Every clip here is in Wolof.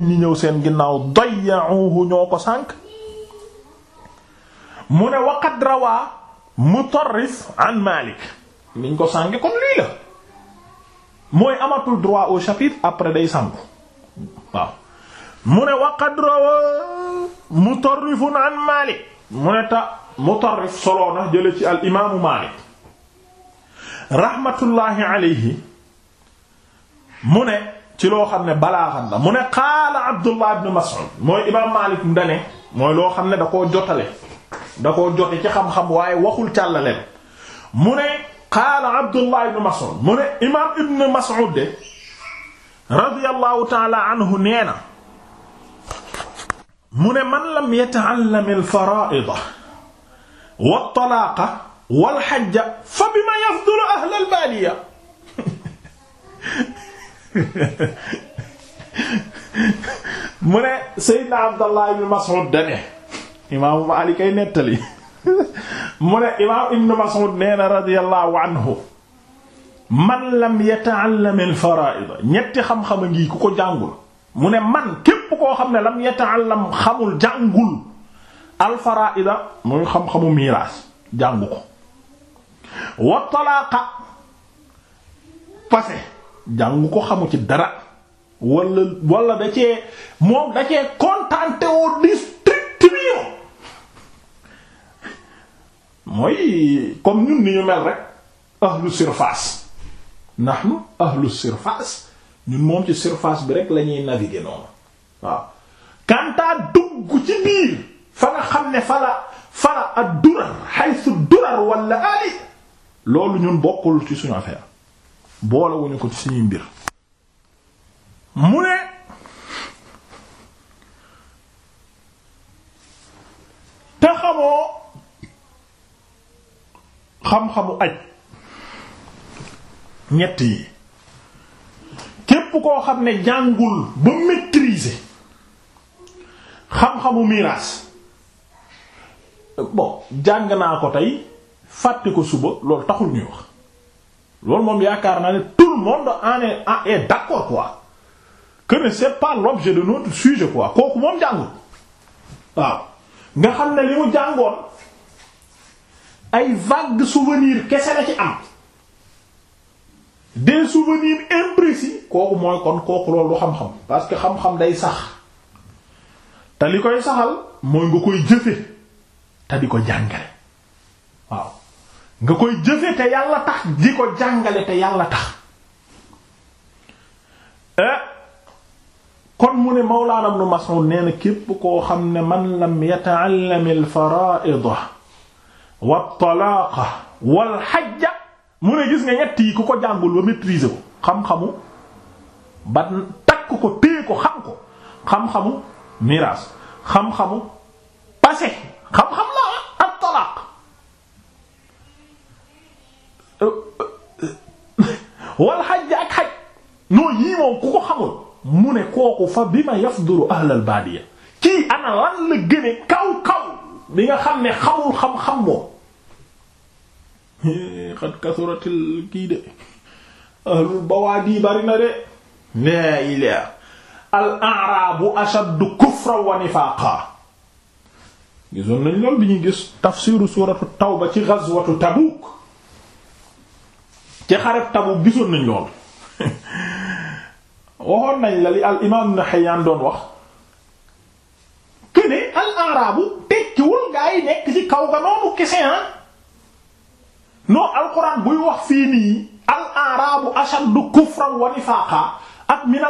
ñu ñëw seen ginnaaw dayya'uhu ñoo mu ne waqad rawaa Mutarrif an Malik ko sànk amatul droit au chapitre day sangu waaw mu ne waqad rawaa Mutarrifun an ta Mutarrif soloo na ci al imaamu Malik rahmatullahi alayhi mu ne ci loo xam ne balaaxan la mu ne qaala Abdullah ibn Mas'ud mooy imaam Maalik mu dane loo xam ne dakoo koo jotale da koo jote ci xam-xam waaye waxul càllale mu ne qaala Abdullah ibn Mas'ud mu ne imaam ibn Mas'ud de radiyallahu ta'ala anhu nee na mu ne man lam yata'allam al-faraa'ida wa talaaqa wal hajja fa bima yafdulu ahla al mu ne Seydina Abdallah ibn Mas'ud dane imaamu Maalik kay nettali mu ne imaam ibn Mas'ud nee na anhu man lam yata'allam al ñetti xam-xam a ngi ku ko jàngul mu ne man képp koo xam ne lam yata'allam xamul jàngul al-fara'id muy xam-xamu miraas jàngu ko wa talaqa jàng ko xamu ci dara wala wala da cee moom da cee contenté au district mio mooy comme ñun ni ñu mel rek ahlu surface nahnu ahlu surface ñun moom ci surface bi rek lañuy ñuy naviguer noonu waaw kantaa dugg ci biir fa nga xam ne fala fala ad durar haythu durar wala ali loolu ñun bokkul ci suñu affaire boolewuñu ko ci suñuy mbir mu ne te xamoo xam-xamu aj ñett yi képp koo xam ne jàngul ba maîtriser xam-xamu miraas bo jàng naa ko tey fàtte ko suba loolu taxul ñuy wax loolu moom yaakaar naa ne tout le monde en est en est d'accord quoi que ne c'est pas l'objet de notre sujet quoi kooku moom jàngul waaw nga xam ne li mu jàngoon ay vagues souvenirs kese la ci am des souvenirs imprécis kooku mooy kon kooku loolu du xam-xam parce que xam-xam day sax te li koy saxal mooy nga koy jëfe te di ko jàngale waaw nga koy jëfe te yàlla tax di ko jàngale te yàlla tax eh, kon mu ne Mawlaana Ibnu Mas'ud nee na képp koo xam ne man lam yata'allam al wal-hajja mu ne gis nga ñett yi ku ko jàngul ba maîtriser ko xam-xamu ba takk ko téye ko xam ko xam-xamu miraas xam-xamu passé xam-xam la ah. Euh, euh, euh, wal xaj ak xaj noo yii moom ku ko xamul mu ne kooku fa bi ma yafduru ahlal baadiya kii ana lan la gëne kaw kaw bi nga xam ne xamul xam-xam moom xad eh, kasuratil kii de ahlul bawaadi bari na de laa ilaa al a'raabu ashaddu kufran wa nifaaqan gisoon nañ lool bi ñuy gis tafsiru suuratu tawba ci gazwatu Tabuuk ci xareb Tabuk gisoon nañ lool waxoon nañ la li al imaam Ibn Hayyan doon wax këne al arabu tekkiwul gaa yi nekk ci kaw ga noonu kese ah non buy wax fii nii al arabu ashaddu kufran wa nifaqa ak min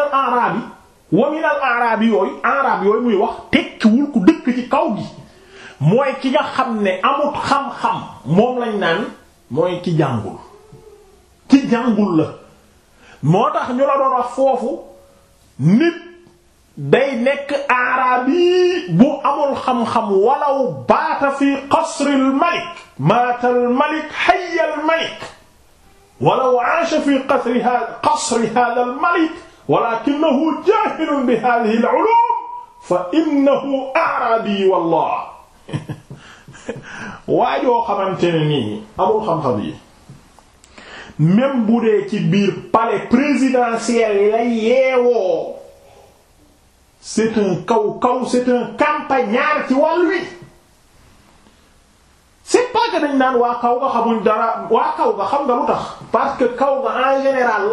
wa min al yooyu arab yooyu muy wax tekkiwul ku dëkk ci kaw gi mooy ki nga xam ne amut xam-xam moom lañ naan mooy ki jàngul ci jàngul la moo tax ñu la doon wax foofu nit day nekk aarabi bu amul xam-xam walaw baata fi qasril malik maatal malik hayyal malik walaw aasha fi qasri hada al malik walakinahu jahilun bi hadhihi al ulum fa innahu aarabi wallah waajoo xamante ne nii amul xam-xam yi même bu dee ci biir palais présidentiel la yeewoo c'est un kaw kaw c'est un campagnard ci wàll wi c'est pas que dañ naan waa kaw nga xam nga lu tax parce que kaw nga en général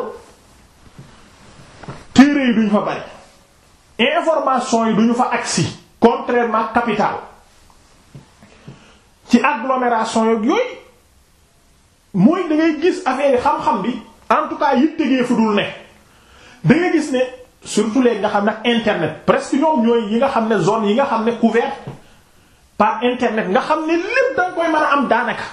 téere yi duñ fa bari information yi duñu fa agsi contrairement capitale ci agglomération yog yooyu mooy da ngay gis affaire xam-xam bi en tout cas yitte gee fu dul ne danga gis ne surtout léegi nga xam ne internet presque ñoom ñooy yi nga xam ne zone yi nga xam ne couverte par internet nga xam ne lépp da koy mën a am daanaka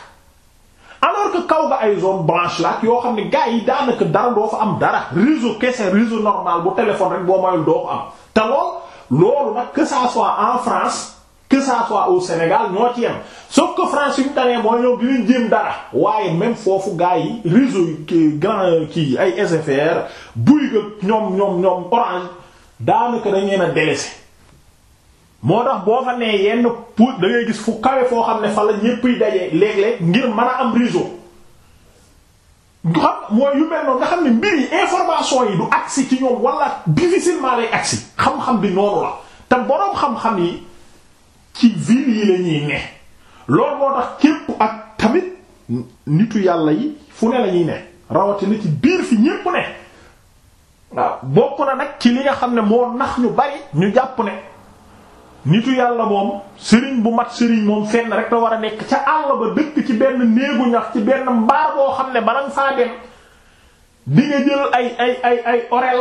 alors que kaw ga ay zone branche la yoo xam ne gars yi daanaka dara doo fa am dara réseau kese réseau normal bu téléphone rek boo mayul doo ko am te lool loolu nag que ça soit en France. que ça soit au Sénégal ñoo ci yem sauf que France simultanément mooy ñoom dinañ jéem dara waaye même foofu gars yi réseau yi grand kii ay SFR buy nga ñoom ñoom ñoom Orange daanaka dañ leen a délaissé moo tax boo fa nee yenn pour da gis fu kawe foo xam ne fa la ñëppay daje léeg-léeg ngir man a am réseau. xam mooy yu mel noonu nga xam ne mbir yi information yi du agsi ci ñoom wala difficilement lay agsi xam-xam bi noonu la te boroom xam-xam yi. ci ville yi la ne loolu moo tax képp ak tamit nitu yàlla yi fu ne la ne rawatina ci biir fi ñépp ne waaw bokk na nag ci li nga xam ne moo nax ñu bari ñu jàpp ne nitu yàlla moom sëriñ bu mat sëriñ moom fenn rek la war a nekk ca àll ba dëkk ci benn néegu ñax ci benn mbaar boo xam ne bala nga faa dem di nga jël ay ay ay ay orel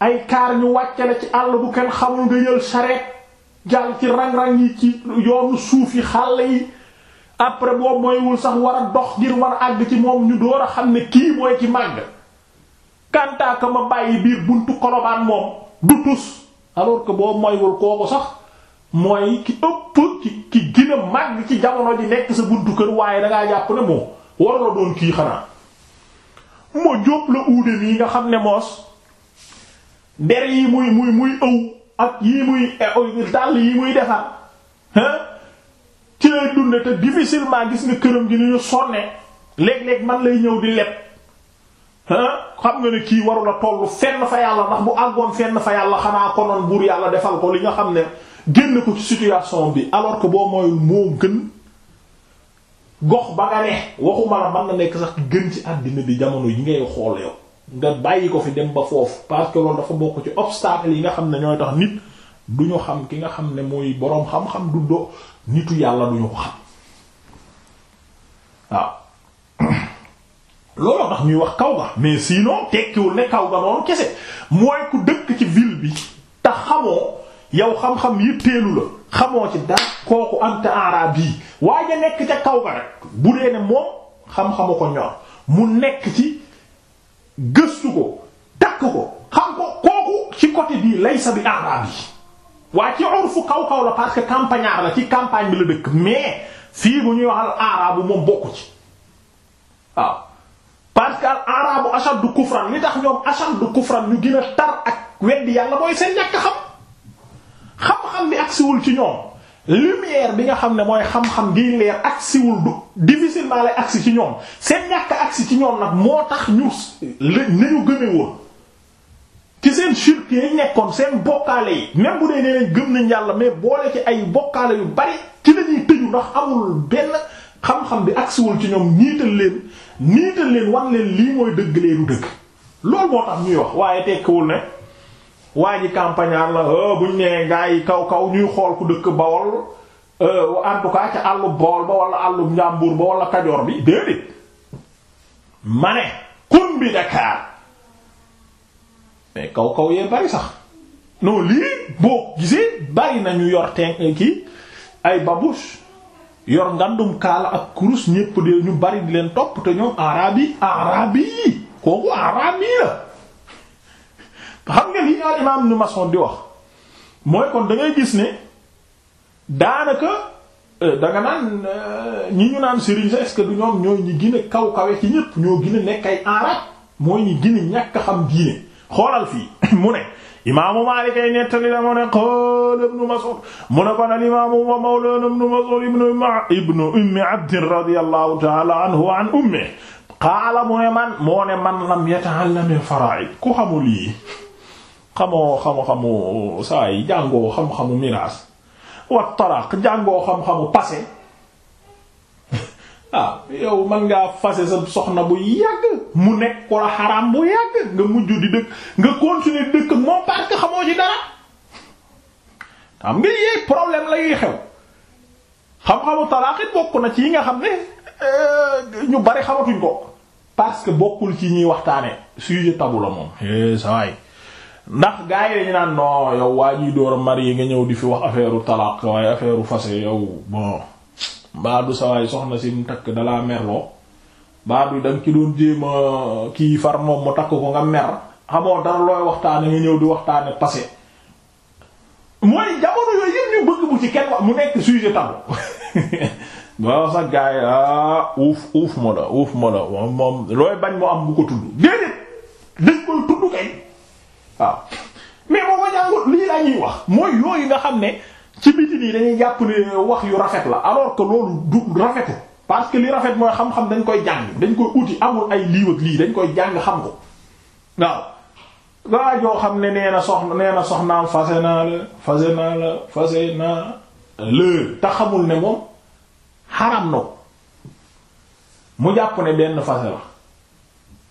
ay kaar ñu wàcce ci àll bu kenn xamul nga jël charrette jàll ci rang-rang yi ci yoonu suuf yi xàll yi après boobu mooywul sax war a dox ngir war àgg ci moom ñu door a xam ne kii mooy ci màgg kantaaka ma bàyyi biir buntu kolobaan moom du tus alors que boobu mooywul kooku sax mooy ki ëpp ki ki gën màgg ci jamono ji nekk sa buntu kër waaye dangaa jàpp ne moom war la doon kii xanaa moo jóob la uude yi nga xam ne moos der yi muy muy muy ëw ak yi muy eh, dàll yi muy defar ci lay dunde te difficilement gis nga këram gi ni ñu sonne léeg-léeg man lay ñëw di leb xam nga ne kii warula tollu fenn fa yàlla ndax bu àggoon fenn fa yàlla xanaa konoon buur yàlla defal ko li nga xam ne génn ko ci situation bi alors que boo mooyul moo gën gox ba nga ne waxuma la man na nekk sax gën ci àddina bi jamono yi ngay xool yow nga bàyyi ko fi dem ba foofu parce que loolu dafa bokk ci obstacle yi nga xam ne ñooy tax nit du ñu xam ki nga xam ne mooy boroom xam-xam du do nitu yàlla du ñu ko xam waaw looloo tax ñuy wax kaw ga mais sinon tekkiwul ne kaw ga noonu kese mooy ku dëkk ci ville bi te xamoo yow xam-xam yitteelu la xamoo ci dara kooku anta arab yi waaye nekk ca kaw ga rek bu dee ne moom xam-xamu ko ñor mu nekk ci gëstu ko takk ko xam ko kooku ci côté bii laysa bi araab yi waaye ci urfu kaw-kaw la parce que campagnard la ci campagne bi la dëkk mais fii bu ñuy waxal arabu moom bokku ci waaw parce que al arabu ashaddu kufran li tax ñoom ashaddu kufran ñu gën a tar ak weddi yàlla mooy seen ñàkk xam xam-xam bi agsiwul ci ñoom lumière bi nga xam ne mooy xam-xam gi leer agsiwul du difficilement lay agsi ci ñoom seen ñàkk agsi ci ñoom nag moo tax ñu ñu gëme woon ci seen shirk yi nekkoon seen bokkaale yi même bu dee nee nañ gëm nañ yàlla mais boole ci ay bokkaale yu bari ci lañuy tëju ndax amul benn xam-xam bi agsiwul ci ñoom niital leen niital leen wan leen lii mooy dëgg leenu dëgg loolu moo tax ñuy wax waaye tekkiwul ne waa ji campagnard la oh, buñ nee gaa kaw kaw ñuy xool ku dëkk Bawol euh, en tout cas ca àllub Bawol ba wala àllub Njàmbur ba wala Kajoor bi déedéet ma ne kun bi Dakar mais kaw kaw yee bari sax non lii boo gisee bari nañu yor ten euh, ki ay babouche yor ngandum kaala ak kurus ñépp de ñu bari di leen topp te ñoom araab yi yi kooku araab xam nga li al imam Ibn Mas'ud di wax mooy kon da gis ne daanaka euh, danga naan euh, ñi ñu naan sëriñ sa est que du ñoom ñooy ñi gën a kaw kawe ci ñépp ñoo gën a nekk ay arab mooy ñi gën a xam diine xoolal fii mu imaamu Maalik ay nettali la mu ne qaala Ibnu Mas'uud mu kon al imaamu wa mawlaana Ibnu Mas'uud ibnu ummi abdin radiyallahu ta'ala anhu wa an ummihi qaala mu ne man moo ne man lam yata'allam faraa'id ku xamul yi xamoo xam-xamu saa jàngoo xam-xamu miraas wa talaq jàngoo xam-xamu passé ah yow man ngaa fase sa soxna bu yàgg mu nekk ko la xaraam bu yàgg nga mujj di dëkk nga continuer dëkk moom nga yee problème la yuy xew na ci yi nga xam ne euh, ñu bari xamatuñ ko parce que bokkul ci ñuy waxtaane sujet tabou la moom eh, saa yi ndax gaa yi naan non yow waa ji door a mari nga ñëw di fi wax affaire talaq waaye affaire fase yow bon baadu sa soxna si mu takk dalaa merloo baadu da nga ci doon jéem kii far moom mu takk ko nga mer xamoo dara looy waxtaane nga ñëw di waxtaane passé mooy jamono yooyu yëpp ñu bëgg bu ci kenn mu nekk sujet tabou ba sax gaa ah, uuf uuf ma la uuf ma la moom looy bañ mu am bu ko tudd déedéet dañ tudd kay. waaw mais boo ko jàngul lii la wax mooy yooyu nga xam ne ci biti nii dañuy jàpp ne wax yu rafet la alors que loolu rafetu parce que li rafet mooy xam-xam dañ koy jàng dañ koy uti amul ay liiwag lii dañ koy jàng xam ko waaw gaa joo xam ne nee na soxna nee na soxnaam fase naa la fase naa fase naa lë te xamul ne moom xaram na mu jàpp ne benn fase la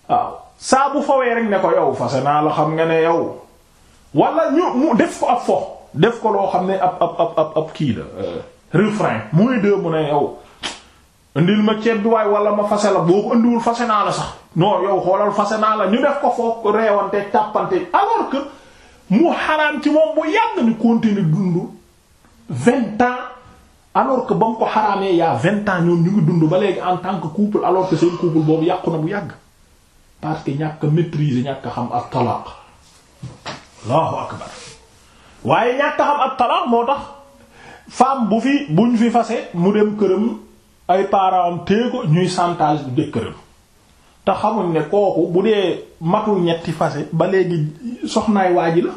waaw saa bu fawee rek ne ko yow fase naa la xam nga ne yow wala ñu mu def ko ab fo def ko loo xam ne ab ab ab ab kii la euh, refrain mooy dee mu yow indil ma ceeb bi waaye wala ma fase la boo ko indiwul fase naa la sax non yow xoolal fase naa la ñu def ko foo reewante tàppante alors que mu xaraam ci moom bu yàgg ni continue dund vingt ans alors que ba mu ko xaraamee y'a vingt ans ñoom ñu ngi dund ba léegi en tant que couple alors que seen couple boobu yàqu na bu yàgg parce que ñàkk a maîtriser ñàkk a xam ak talaaq allahu akbar waaye ñàkk a xam ak talaaq moo tax femme bu fi buñ fi fase mu dem këram ay parents am téye ko ñuy chantage bu dee te xamuñ ne kooku bu dee matul ñetti fase ba léegi soxnaay waa la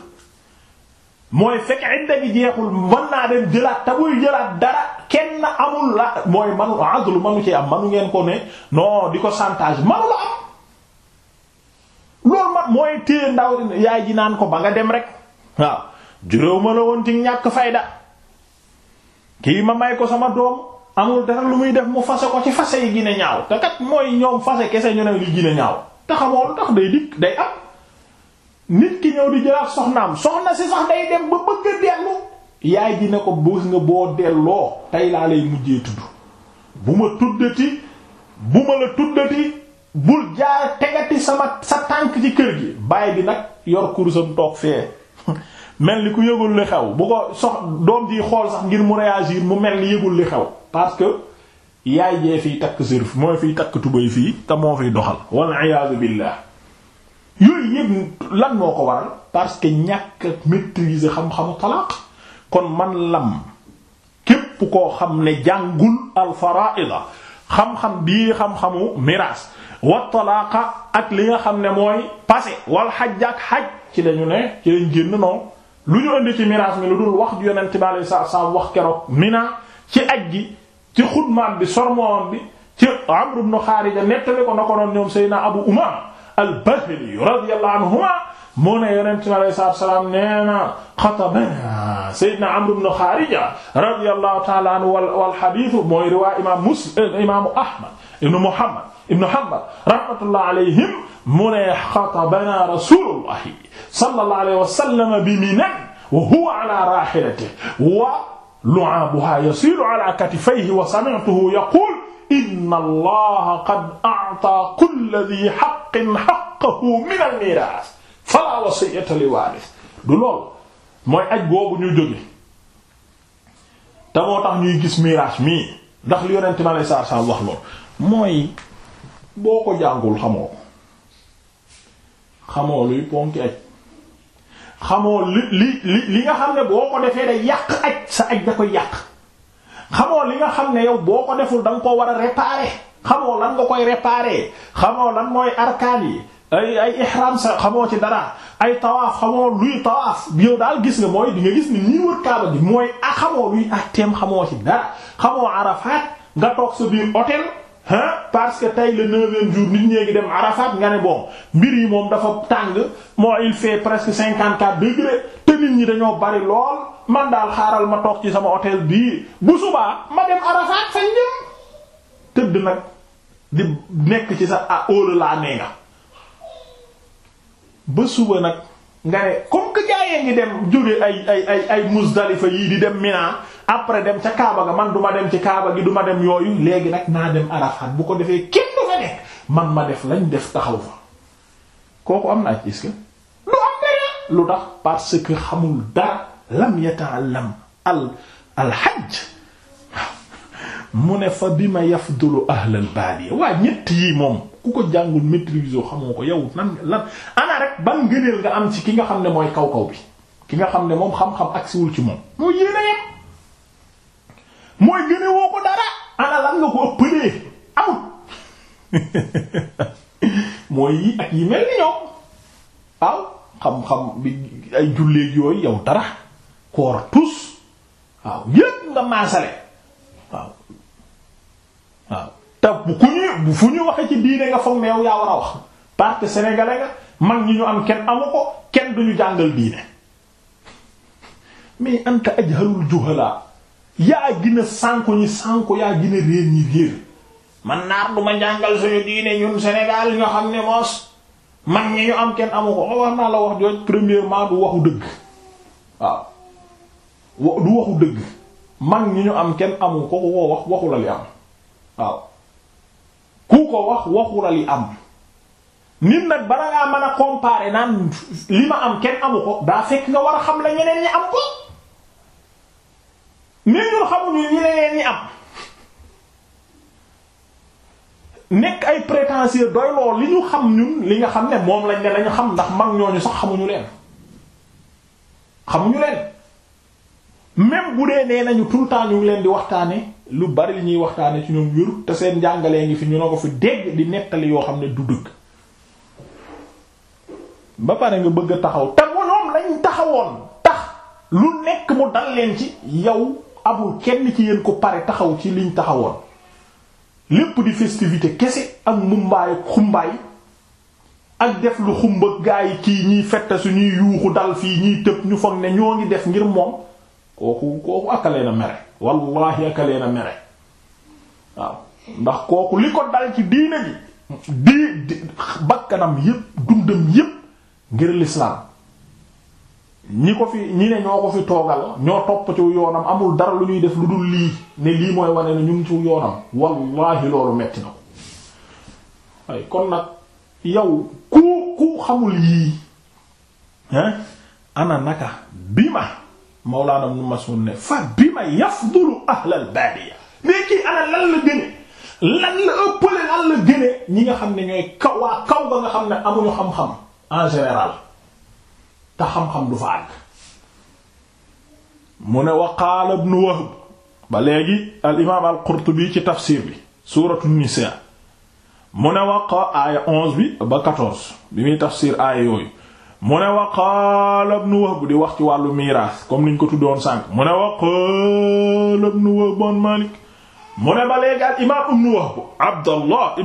mooy fekk idda jeexul mën naa dem jëlaat te buy jëlaat dara kenn amul la mooy manu adlu manu ci am manu ngeen ko ne non di ko chantage manu la am loolu man mooy téye ndaw yaay ji naan ko ba nga dem rek waaw juróom la woon ci ñàkk fayda kii ma may ko sama doom amul dara lu muy def mu fase ko ci fase yi gën a ñaaw te kat mooy ñoom fase kese ñu ne li gën ñaaw te lu tax day dikk day am nit ki ñëw di jëlaat soxnaam soxna si sax day dem ba bëgg a dellu yaay ji ne ko bës nga boo delloo tey laa lay mujjee tudd bu ma tuddati bu ma la tuddati bul jaar tegati sama sa tànk ci kër gi baay bi nag yor kurusam toog fee mel ni ku yëgul li xew bu ko sox doom ji xool sax ngir mu réagir mu mel ni yëgul li xew parce que yaay jee fiy takk sërf mooy fiy takk tubay fii te moo fiy doxal walla iyaazu billaah yooyu yëpp lan moo ko waral parce que ñàkk maîtriser xam-xamu talaaq kon man lam képp koo xam ne jàngul al faraa'ida xam-xam bii xam-xamu miraas wa talaaqa ak li nga xam ne mooy passé wal xaj ak xaj ci lañu ne ci lañ génn noonu lu ñu indi ci miraas mi lu dul wax ju yonent bi alayhi salaam wax keroog mina ci aj gi ci xudmaan bi sormoon bi ci Amr ibn Xaarija nettali ko na ko noon ñoom Seydina Abu Umaama al-Bahili radiyallahu anhuma moo ne yonent bi alayhi salaam nee na xatabana Seydina Amr ibn Xaarija radiyallahu ta'ala anhu wal xadiisu mooy riwaa imaamu Muslim imaamu Ahmad ibnu Muhammad ibnu Hanbal rahmatullah alayhim mu ne xatabana rasulullah sallallahu alayhi wa sallam bi Mina wa huwa ala rahilatihi wa lu'abuha yasilu ala katifayhi wa sami'tuhu yaqul inna allaha qad a'ta kulla dhi haqqin haqqahu min al-mirath fala wasiyyata li warith du lool mooy aj boobu ñu jóge te moo tax ñuy gis miraas mii ndax li yonente mi alayhi salaatu wa salaam wax lool mooy boo ko jàngul xamoo xamoo luy ponki aj xamoo li li li nga xam ne boo ko defee day yàq aj sa aj da koy yàq xamoo li nga xam ne yow boo ko deful da koo war a réparer xamoo lan nga koy réparer xamoo lan mooy arkaan yi ay ay ihram sa xamoo ci dara ay tawaaf xamoo luy tawaaf yow daal gis nga mooy di nga gis ni nii wër kaaba gi mooy ah, xamoo luy atteem xamoo ci dara xamoo arafaat nga toog sa biir hôtel ah parce que tey le neuvième jour nit ñee ngi dem Arafat nga ne bon mbir yi moom dafa tàng moo il fait presque cinquante quatre degrés te nit ñi dañoo bari lool man daal xaaral ma toog ci sama hôtel bii bu subaa ma dem Arafat fañ jëm tëdd nag di nekk ci sa à óola laa nee nga ba suba nag nga ne comme que jaayee ngi dem jóge ay ay ay ay Muzdalifa yii di dem Mina après dem ca Kaaba ga man duma dem ci Kaaba gi duma dem yooyu léegi nag naa dem Arafat bu ko defee kenn du fa nekk man ma def lañ def taxaw fa kooku am na aj gis lu am dara lu tax parce que xamul dara lam yata'allam al al hajj mu ne fa bi ma yafdulu ahlal baadiya waa ñett yi moom ku ko jàngul maîtriser xamoo ko yow nan lan ana rek ban ngëneel nga am ci ki nga xam ne mooy kaw kaw bi ki nga xam ne moom xam-xam agsiwul ci moom mooy yéene yem mooy gëne ko dara ana lan nga ko ëppalee amul mooy yi ak yi mel ni ñoom waaw xam-xam bi ay julleeg yooyu yow dara koor tus waaw yépp nga maasale te ku ñuy fu ñu waxee ci diine nga foog ne yaa war a wax parce que nga mag ñi ñu am kenn amu ko duñu jàngal diine mais anta ajhalul juhala yaa gina sànko ñi sànko yaa gina réer ñi réer man naar du ma jàngal suñu diine ñun am kenn amu ko oh, wax premièrement du waxu dëgg waaw du ñu am kenn amu ko waaw ku ko wax waxula li am nit nag bara ngaa mën a comparer naan li ma am kenn amu ko daa fekk nga war a xam la ñeneen ñi am ko mais ñun xamuñu ñi am nekk ay prétentieux doy lool li ñu xam ñun li nga xam ne moom lañ ne lañu xam ndax mag ñooñu sax xamuñu leen xamuñu leen même bu dee nee nañu tout le temps ñu leen di waxtaane lu bari li ñuy waxtaane ci ñoom wéru te seen njàngalee ngi fi ñu ne ko fi dégg di nettali yoo xam ne du dëgg ba pare nga bëgg a taxaw te ñoom lañ taxawoon tax lu nekk mu dal leen ci yow amul kenn ci yéen ko pare taxaw ci liñ taxawoon lépp di festivité kese ak mumbaay xumbaay ak def lu xumba gaay kii ñiy fette suñuy yuuxu dal fii ñiy tëb ñu foog ne ñoo ngi def ngir moom kooku kooku akaleen a mere wallahi akaleen a mere waaw ndax kooku li ko dal ci diine ji di bakkanam yépp dundam yépp ngir lislaam ñi ko fi ñi ne ñoo ko fi toogal ñoo topp ci yoonam amul dara lu ñuy def lu dul lii ne lii mooy wane ne ñu ngi ci yoonam wallahi loolu metti na ko kon nag yow ku ku xamul yii ana naka bi ma Mawlaana Ibn Mas'ud ne fa bi ma yafdulu ahlal baadiya mais kii ana lan la gëne lan la ëppale lan la gëne ñi nga xam ne ñooy kaw waa kaw ba nga xam ne amuñu xam-xam en général te xam-xam du fa àgg mu ne wa qaala Ibn ba léegi al imaam ci tafsir bi suuratu Nisaa mu ne wa qaala aaya 11 bi ba 14 bi muy tafsir aaya yooyu mu ne wa qaala di wax ci wàllu miraas comme niñ ko tuddoon sànq mu ne wa qaala Maalik mu ne ba léegi al imaam ibn Wahb Abdallah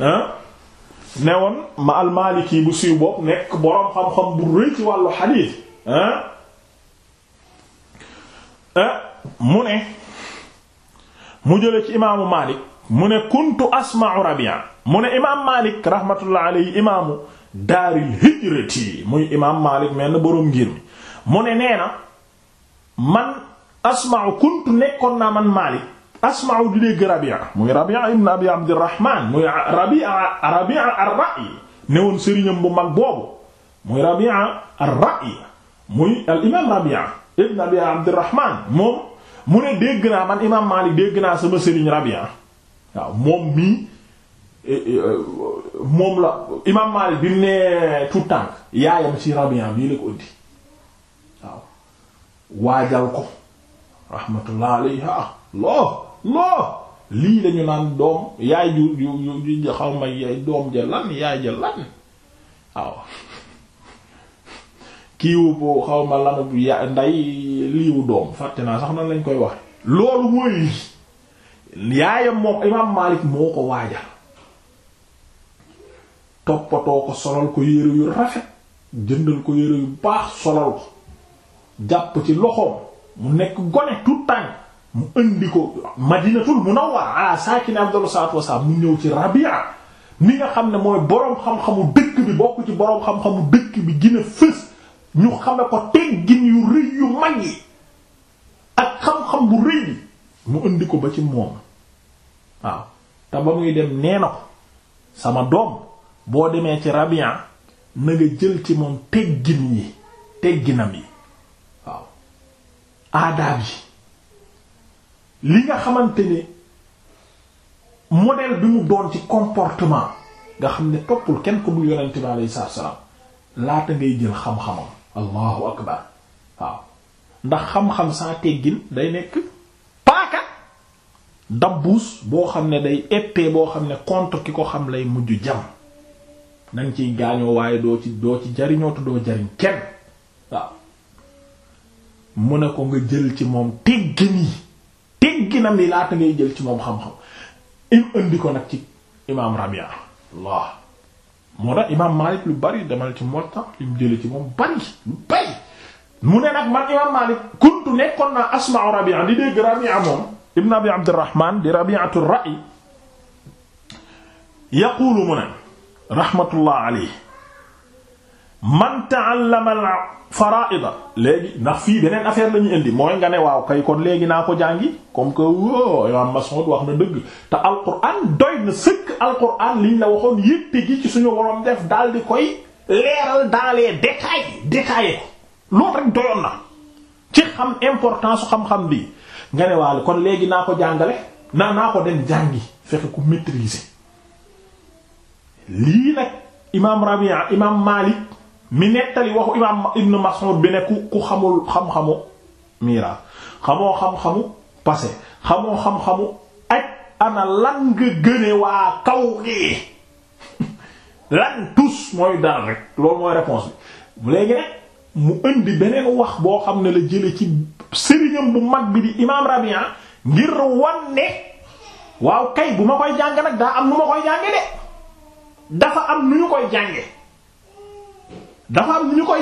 ah, ne woon ma al Maaliki bu siiw bopp nekk boroom xam-xam bu rëy ci wàllu xadiis ah, ah, mu ne mu jële ci imaamu Maalik mu ne kuntu asma'u Rabi'a mu ne imaam Maalik rahmatullah alayhi imaamu daaril hijrati muy imaam Maalik mel na boroom ngir mi mu ne nee na man asma'u kuntu nekkoon naa man Maalik asma'u di dégg Rabi'a muy Rabi'a ibn Abi Abdirrahman muy Rabi'a Rabi'a ar-Ra'i newoon sëriñam bu mag boobu muy Rabi'a ar-Ra'i al imaam Rabi'a ibn Abi Abdirrahman moom mu ne dégg naa man imaam Maalik dégg naa sama sëriñ Rabi'a moom mii Euh, moom la imam Maalik bi mu nee tout tànk yaayam ci Rabi'a bii la ko ëndi waaw waajal ko rahmatullah alayha ah, loo loo lii lañu naan doom yaay ju ju ju xaw ma yaay doom ja lan yaay ja lan waaw kiiwu bu xaw ma lanu nday liiwu doom fàtte naa sax nan lañ koy wax loolu mooy yaayam moom imam Maalik moo ko waajal toppatoo ko solal ko yére yu rafet jëndal ko yére yu baax solal ko jàpp ci loxoom mu nekk gone tout temps mu indi ko madinatul munawwar ala saakini afdalu salaatu wassalaam mu ñëw ci Rabi'a mi nga xam ne mooy boroom xam u dëkk bi bokk ci boroom xam-xamu dëkk bi gën a fës ñu xame ko teggin yu rëy yu mag yi ak xam-xam bu rëy bi mu indi ko ba ci moom waaw te ba muy dem nee na ko sama doom boo demee ci Rabi'a na jël ci moom teggin yi tegginam yi waaw aadaab yi li nga xamante ni modèle bi mu doon ci comportement nga xam ne toppul kenn ko du yonente bi alayhi salaatu salaam laata ngay jël xam-xamam allahu akbar waaw ndax xam-xam saa teggin day nekk paaka dabbuus boo xam ne day épée boo xam ne contre ki ko xam lay mujj jam nanga ciy gaañoo waaye doo ci doo ci jariñoo te doo jariñ kenn mu ne ko nga jël ci moom teggini tegginam ni laata ngay jël ci moom xam-xam im indi ko nag ci imaam Rabia Allah moo tax imaam Maalik lu bari demal ci Muwatta li ci moom lu bari mu ne nag man imaam Maalik kuntu nekkoon naa asma'u Rabia di dégg Rabia moom ibn Abi Abdurrahman di Rabi'atu Ra'y yaqulu mu ne rahmatullah alayhi man ta'allama al-fara'ida léegi ndax fii beneen affaire lañu indi mooy nga ne waaw kay kon léegi naa ko jàngi comme que wóo imam Mas'ud wax na dëgg te alquran doy na sëkk alquran liñ la waxoon yëtte gi ci suñu borom def daal di koy leeral dans les détails détaillé ko loolu rek doyoon na ci xam importance su xam-xam bi nga ne waaw kon léegi naa ko jàngale naa naa ko dem jàngi fexe ku maîtriser lii nag imaam Rabia imaam Malik mi nettali waxu imaam Ibn Mas'ud bi ne ku ku xamul xam-xamu mira xamoo xam-xamu passé xamoo xam-xamu aj ana lan gëne waa kaw gi lan tus mooy dara rek loolu mooy réponse bi léegi nag mu indi beneen wax boo xam ne la jële ci sëriñam bu mag bi di imaam Rabia ngir wan ne waaw kay bu ma koy jàng nag daa am nu ma koy jànge de dafa am nu ñu koy jànge dafa am nu ñu koy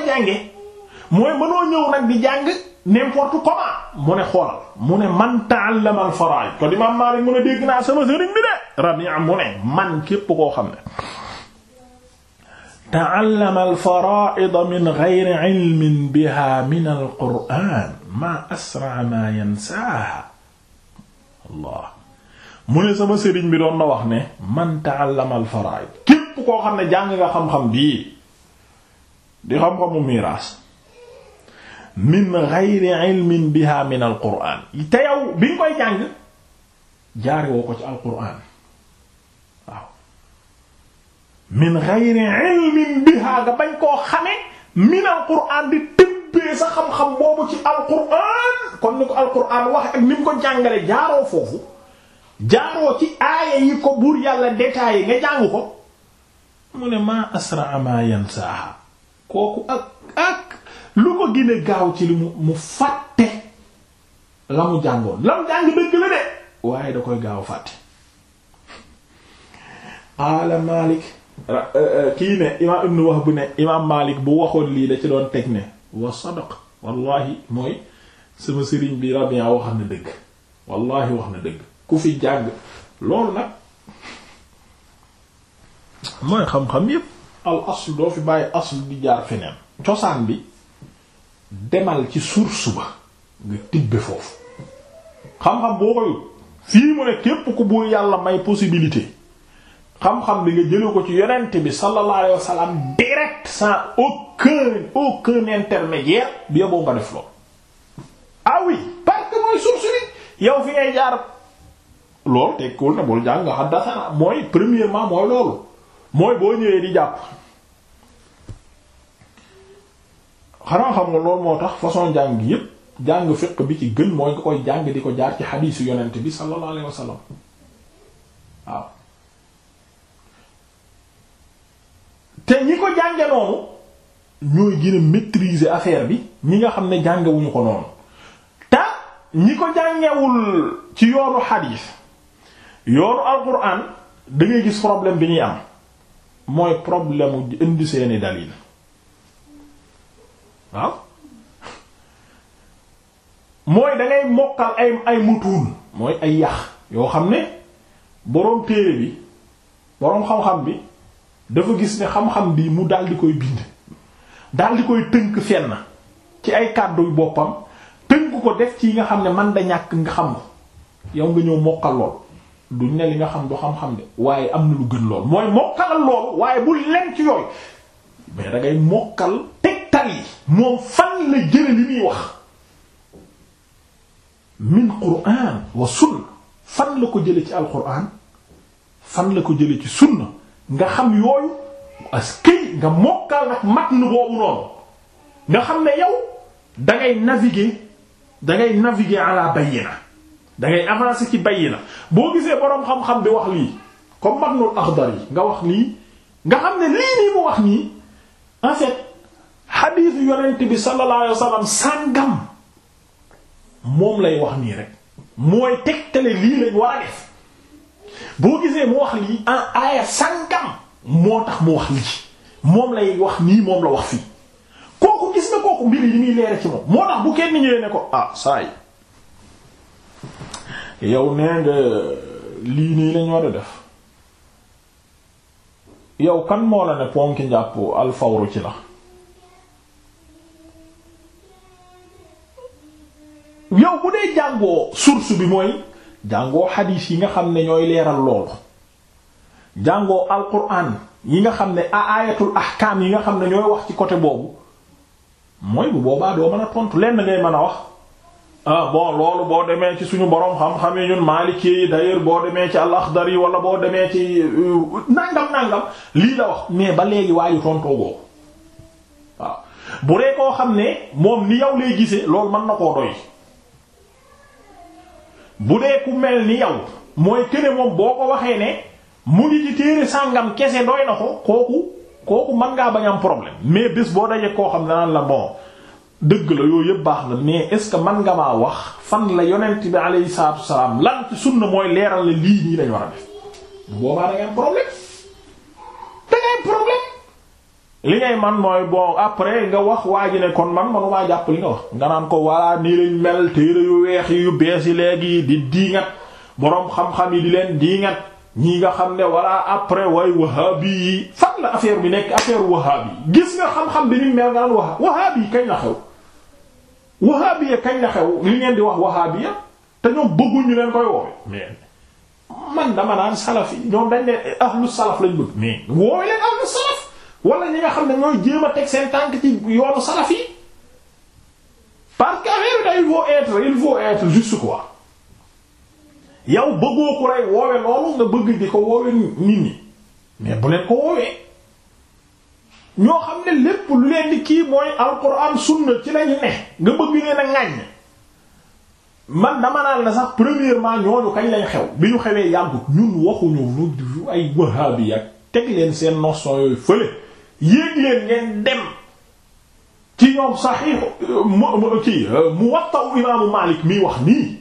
nag di jàng n'importe comment mu ne xoolal mu ne man ta'allama al-fara'id kon imam Maalik mu ne dégg naa sama sëriñ bi de Rabi'a mu ne man képp koo xam ne ta'allama al min ghayri 'ilmin biha min al ma asra ma yansaha mu ne sama sëriñ bi doon na wax ne man ta'allama al képp koo xam ne jàng nga xam-xam bii di xam-xamu miraas min ghayri ilmin biha min al quraan te yow bi nga koy jàng jaari ko ci al quraan waaw min ghayri ilmin biha nga bañ koo xame min al quraan di tibbee sa xam-xam boobu ci al quraan kon ni ko al quraan wax ak ni ko jàngale jaaroo foofu jaaroo ci aaya yi ko buur yàlla détaillé nga jàng ko mu ne maa asraa maa yansaaha kooku ak ak lu ko gën gaaw ci li mu mu fàtte la mu jàngoon la mu jàng dëgg la de waaye da koy gaaw fàtte qaala Maalik eh, eh, kii ne imaam Ibn Wahb ne imaam Maalik bu waxoon lii da ci doon teg ne wa sadaq wallahi mooy sama sëriñ bi Rabi'a wax na dëgg wallahi wax na dëgg ku fi jàng loolu nag mooy xam-xam yépp al asl doo fi bàyyi asl di jaar feneen cosaan bi demal ci source ba nga tibbe foofu xam-xam boo koy fii mu ne képp ku buur yàlla may possibilité xam-xam bi nga jële ko ci yonent bi sallallahu alayhi wa sallam direct sans aucun aucun intermédiaire bi yoboo nga def lool ah parce que mooy source bi yow fi ngay jaar loolu tekkul na bul jàng nga xam dasana mooy premièrement mooy loolu mooy boo ñëwee di jàpp xanaa xam nga loolu moo tax façon jàng yépp jàng fiq bi ci gën mooy nga koy jàng di ko jaar ci xadiisu yonent bi sallallahu alayhi wasallam waaw te ñi ko jànge noonu ñooy gën a maîtriser affaire bi ñi nga xam ne jàngewuñu ko noonu ta ñi ko jàngewul ci yoonu xadiis yoonu alquran da ngay gis problème bi ñuy am mooy problème indi seeni dalil waaw mooy dangay mokkal ay ay mutuun mooy ay yax yoo xam ne boroom téere bi boroom xam-xam bi dafa gis ne xam-xam bi mu di koy bind daldi koy tënk fenn ci ay kàdduy boppam tënk ko def ci yi nga xam ne man da ñàkk nga xam ko yow nga ñëw mokkal lool duñ ne li nga xam du xam-xam de waaye am na lu gën lool mooy mokkalal loolu waaye bu lem ci yooyu mais da ngay mokkal tegtal yi moom fan la jële li muy wax min qur'an wa sunna fan la ko jële ci alquran fan la ko jële ci sunna nga xam yooyu as këy nga mokkal nag matn boobu noonu nga xam ne yow da ngay naviguer da ngay naviguer à la bayyina da ngay avancer ci bayyi na boo gisee boroom xam-xam bi wax lii comme Magnul Akhdari yi nga wax lii nga xam ne lii nii mu wax nii en fait xadiisu yonent bi sallallahu alayhi wasallam moom lay wax nii rek mooy tegtale lii lañ war a def boo gisee mu wax lii en aaya sàngam moo tax mu wax lii moom lay wax nii moom la wax fii kooku gis na kooku mbir yi muy leere ci moom moo tax bu kenn ñëwee ne ko ah saa yi yow nee lii nii lañ war a def yow kan moo la ne ponki njàpp alfawru ci la yow bu dee jàngoo source bi mooy jàngoo xadiis yi nga xam ne ñooy leeral loolu jàngoo alquran yi nga xam ne aayatul ahkaam yi nga xam ne ñooy wax ci côté boobu mooy bu boobaa doo mën a tontu lenn ngay mën a wax ah bon loolu boo demee ci suñu borom xam-xam yi ñun Maliki yi d'ailleurs boo demee ci al yi wala boo demee ci euh, nangam nangam lii la wax mais ba léegi waayu tontoo boobu waaw bu dee koo xam ne moom ni yow lay gisee loolu mën na koo doy bu dee ku mel ni yow mooy këne moom boo ko waxee ne mu ngi ci téere sàngam kese doy na ko kooku kooku man ngaa bañ am problème mais bés boo dajee koo xam ne naan la bon. dëgg la yooyu yëpp baax na mais est ce que man nga maa wax fan la yonent bi alayhi salaatu wasalaam lan ci sunna mooy leeral la lii nii dañu war a def boobaa da ngay am problème da ngay am li ngay man mooy bon après nga wax waa ji ne kon man manumaa jàpp li nga wax nga naan ko walla nii lañ mel téere yu weex yu bees yi léegi di diingat boroom xam-xam yi di leen diingat ñii nga xam ne walla après way wahabi yi fan la affaire bi nekk affaire wahabi gis nga xam-xam wahabiya kañ la xew li ngeen di wax wahabiya te ñoom bëgguñu leen koy woowe mais man dama naan salafi ñoom dañ ne lu salaf lañ bëgg mais woowe leen ahlu salaf wala ñi nga xam ne ñooy jéem a teg seen tànk ci yoonu salaf yi parce que affaire bi il faut être il faut être juste quoi yow bëggoo ku rey woowe loolu nga bëgg di ko woowe nit ñi mais bu leen ko woowee ñoo xam ne lépp lu leen di kii mooy alquran sunna ci lañu ne nga bëgg leen a ŋàññ man dama naan la sax premièrement ñooñu kañ lañ xew bi ñu xewee yàggut ñun waxuñu ñu ay wahhabi ak teg leen seen notion yooyu fële yéeg leen ngeen dem ci ñoom saxiix ci euh, Muwatta imaamu Maalik miy wax nii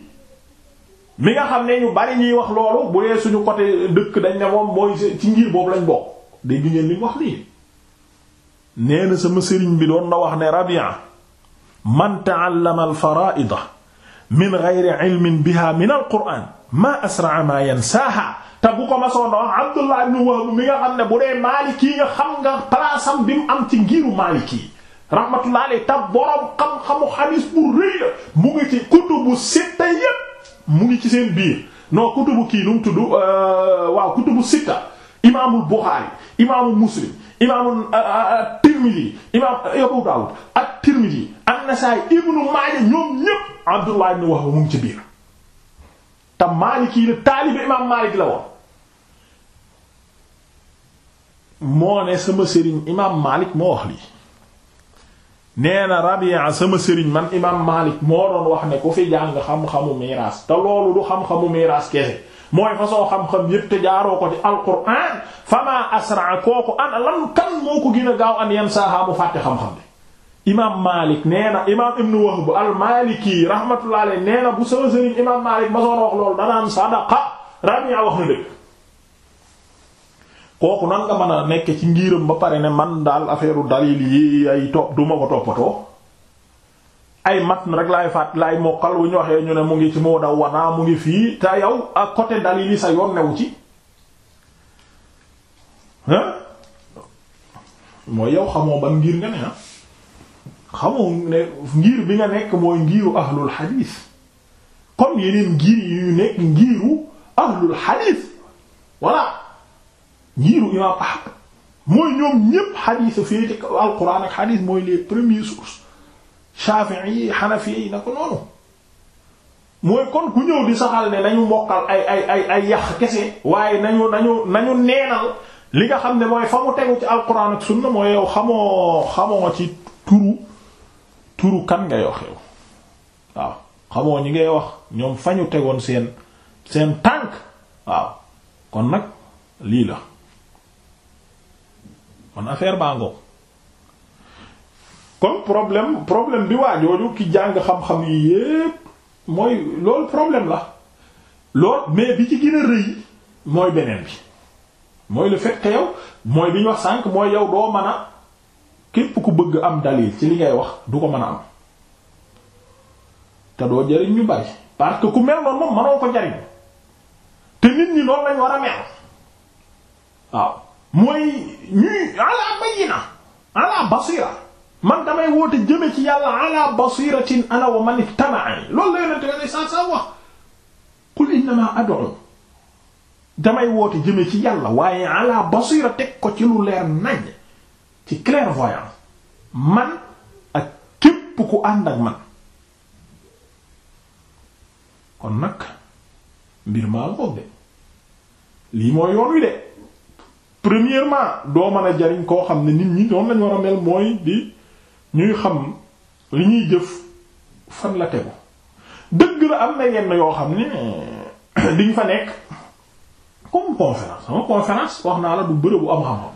mi nga xam ne ñu bari ñuy wax loolu bu dee suñu côté dëkk dañ ne moom mooy ci ngir boobu lañ bokk dégg ngeen li mu wax lii nee na sama sëriñ bi doon na wax ne Rabia man ta'allama al-fara'ida min ghayri ilmin biha min al ma asra'a ma yansaha te ko masoon na wax Abdullah ibn mi nga ne bu dee Maliki nga xam nga palaasam bi am ci ngiru Maliki rahmatullah alayhi ta borom xam-xamu xadiis bu mu ngi ci kutubu sitta yépp mu ngi ci seen biir non kutubu kii nu mu tudd euh, waaw kutubu sitta imaamul Buxaari imaamul Muslim imaamul euh, euh, euh, Tirmidi imaam Abu Daawud ak Tirmidi an-Nasaa'i ibnu Maaja ñoom ñépp Abdullah ibn Wahb mu ngi ci biir te Maalik yi la taalibe imaam Maalik la woon moo ne sama sëriñ imaam Maalik moo wax lii nee na Rabi'a sama sëriñ man imaam Maalik moo doon wax ne ku fi jàng xam-xamu miiraas te loolu du xam-xamu miiraas kese mooy façon xam-xam yépp te jaaroo ko ci alquran fama asraa kooku ana lan kan moo ko gën a gaaw an yan saaha mu fàtte xam-xam bi imam malik nee na imam ibnu wahb almaliki rahmatullah alayhi nee na bu sama sëriñ imam malik masoon a wax loolu danaan sadaqa rabia wax na dëgg kooku nan nga mën a nekk ci ngiiram ba pare ne man daal affaire dalil yi ay duma ko toppatoo ay matn rek laay faat lay mokkal bu ñu ñu ne mu ngi ci moo daw wanaa mu ngi fii te yow à côté dalil yi sa yoon newu ci hein mooy yow xamoo ban ngir nga ne ah xamoo ne bi nga nekk mooy ngiru ahlul xadiis comme yeneen ngir yu nekk ngiru ahlul xadiis voilà ngiru imaam Ahmad mooy ñoom ñépp xadiis a féete alquran ak xadiis mooy les premières sources Shafi'i yi Hanafi yi na ko noonu mooy kon ku ñëw di saxal ne nañu mboqal ay ay ay ay kese waaye nañu nañu nañu neenal li nga xam ne mooy fa mu tegu ci alquran ak sunna mooy yow xamoo xamoo ci turu turu kan ngay wax yow waaw xamoo ñi ngay wax ñoom fa ñu tegoon seen seen tànk waaw kon nag lii la kon affaire baa kon problème problème bi waajooju ki jàng xam-xam yi yépp mooy loolu problème la lool mais bi ci gën a rëy mooy beneen bi mooy le fait que yow mooy bi wax sànq mooy yow doo mën a képp ku bëgg am dalil ci li ngay wax du ko mën a am te doo jariñ ñu bari parce que ku mel noonu moom mënoo ko jariñ te nit ñi noonu lañ war a mel waaw mooy ñuy ala bayina ala man damay woote jëme ci yàlla ala basiratin ana wa man ittaba'ani loolu la yonente yonay saa saa wax qul innama ad'u damay woote jëme ci yàlla waaye ala basira teg ko ci lu leer nañ ci clairvoyance man ak képp ku ànd ak man kon nag mbir maa ngoog de lii mooy yoon wi de premièrement doo mën a jariñ koo xam ne nit ñi doon lañ war mooy di ñuy xam li ñuy jëf fan la tegu dëgg la am na yenn yoo xam ni diñ fa nekk comme conférence xam conférence wax naa la du bërëbu am xam-xam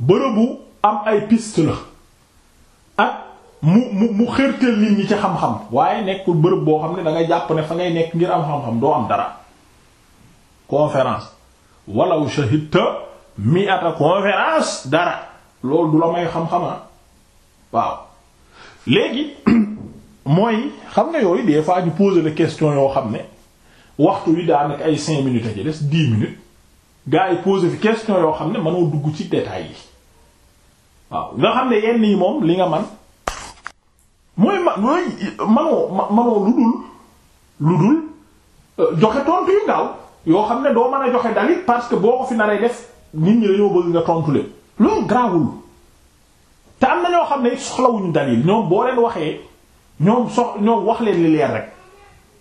bërëbu am ay pist la ak mu mu mu xërtal nit ñi ci xam-xam waaye nekkul bërëb boo xam ne da nga jàpp ne fa ngay nekk ngir am xam-xam doo am dara conférence walaw shahidta mi ata conférence dara loolu du la may xam-xama ah. waaw léegi mooy xam nga yooyu des fois ñu poser la question yoo xam ne waxtu wi daanaka ay cinq minutes a ci des dix minutes gars yi poser fi question yoo xam ne mënoo dugg ci détails yi waaw nga xam ne yenn yi moom li nga man mooy ma manoo manoo lu dul lu dul euh, joxe tontu yu gaaw yoo xam ne doo mën a joxe dalit parce que boo ko fi naree def nit ñi dañoo bëgg nga tontu leen loolu garaawul te am na ñoo xam ne soxlawuñu dalil ñoom boo leen waxee ñoom sox ñoom wax leen li leer rek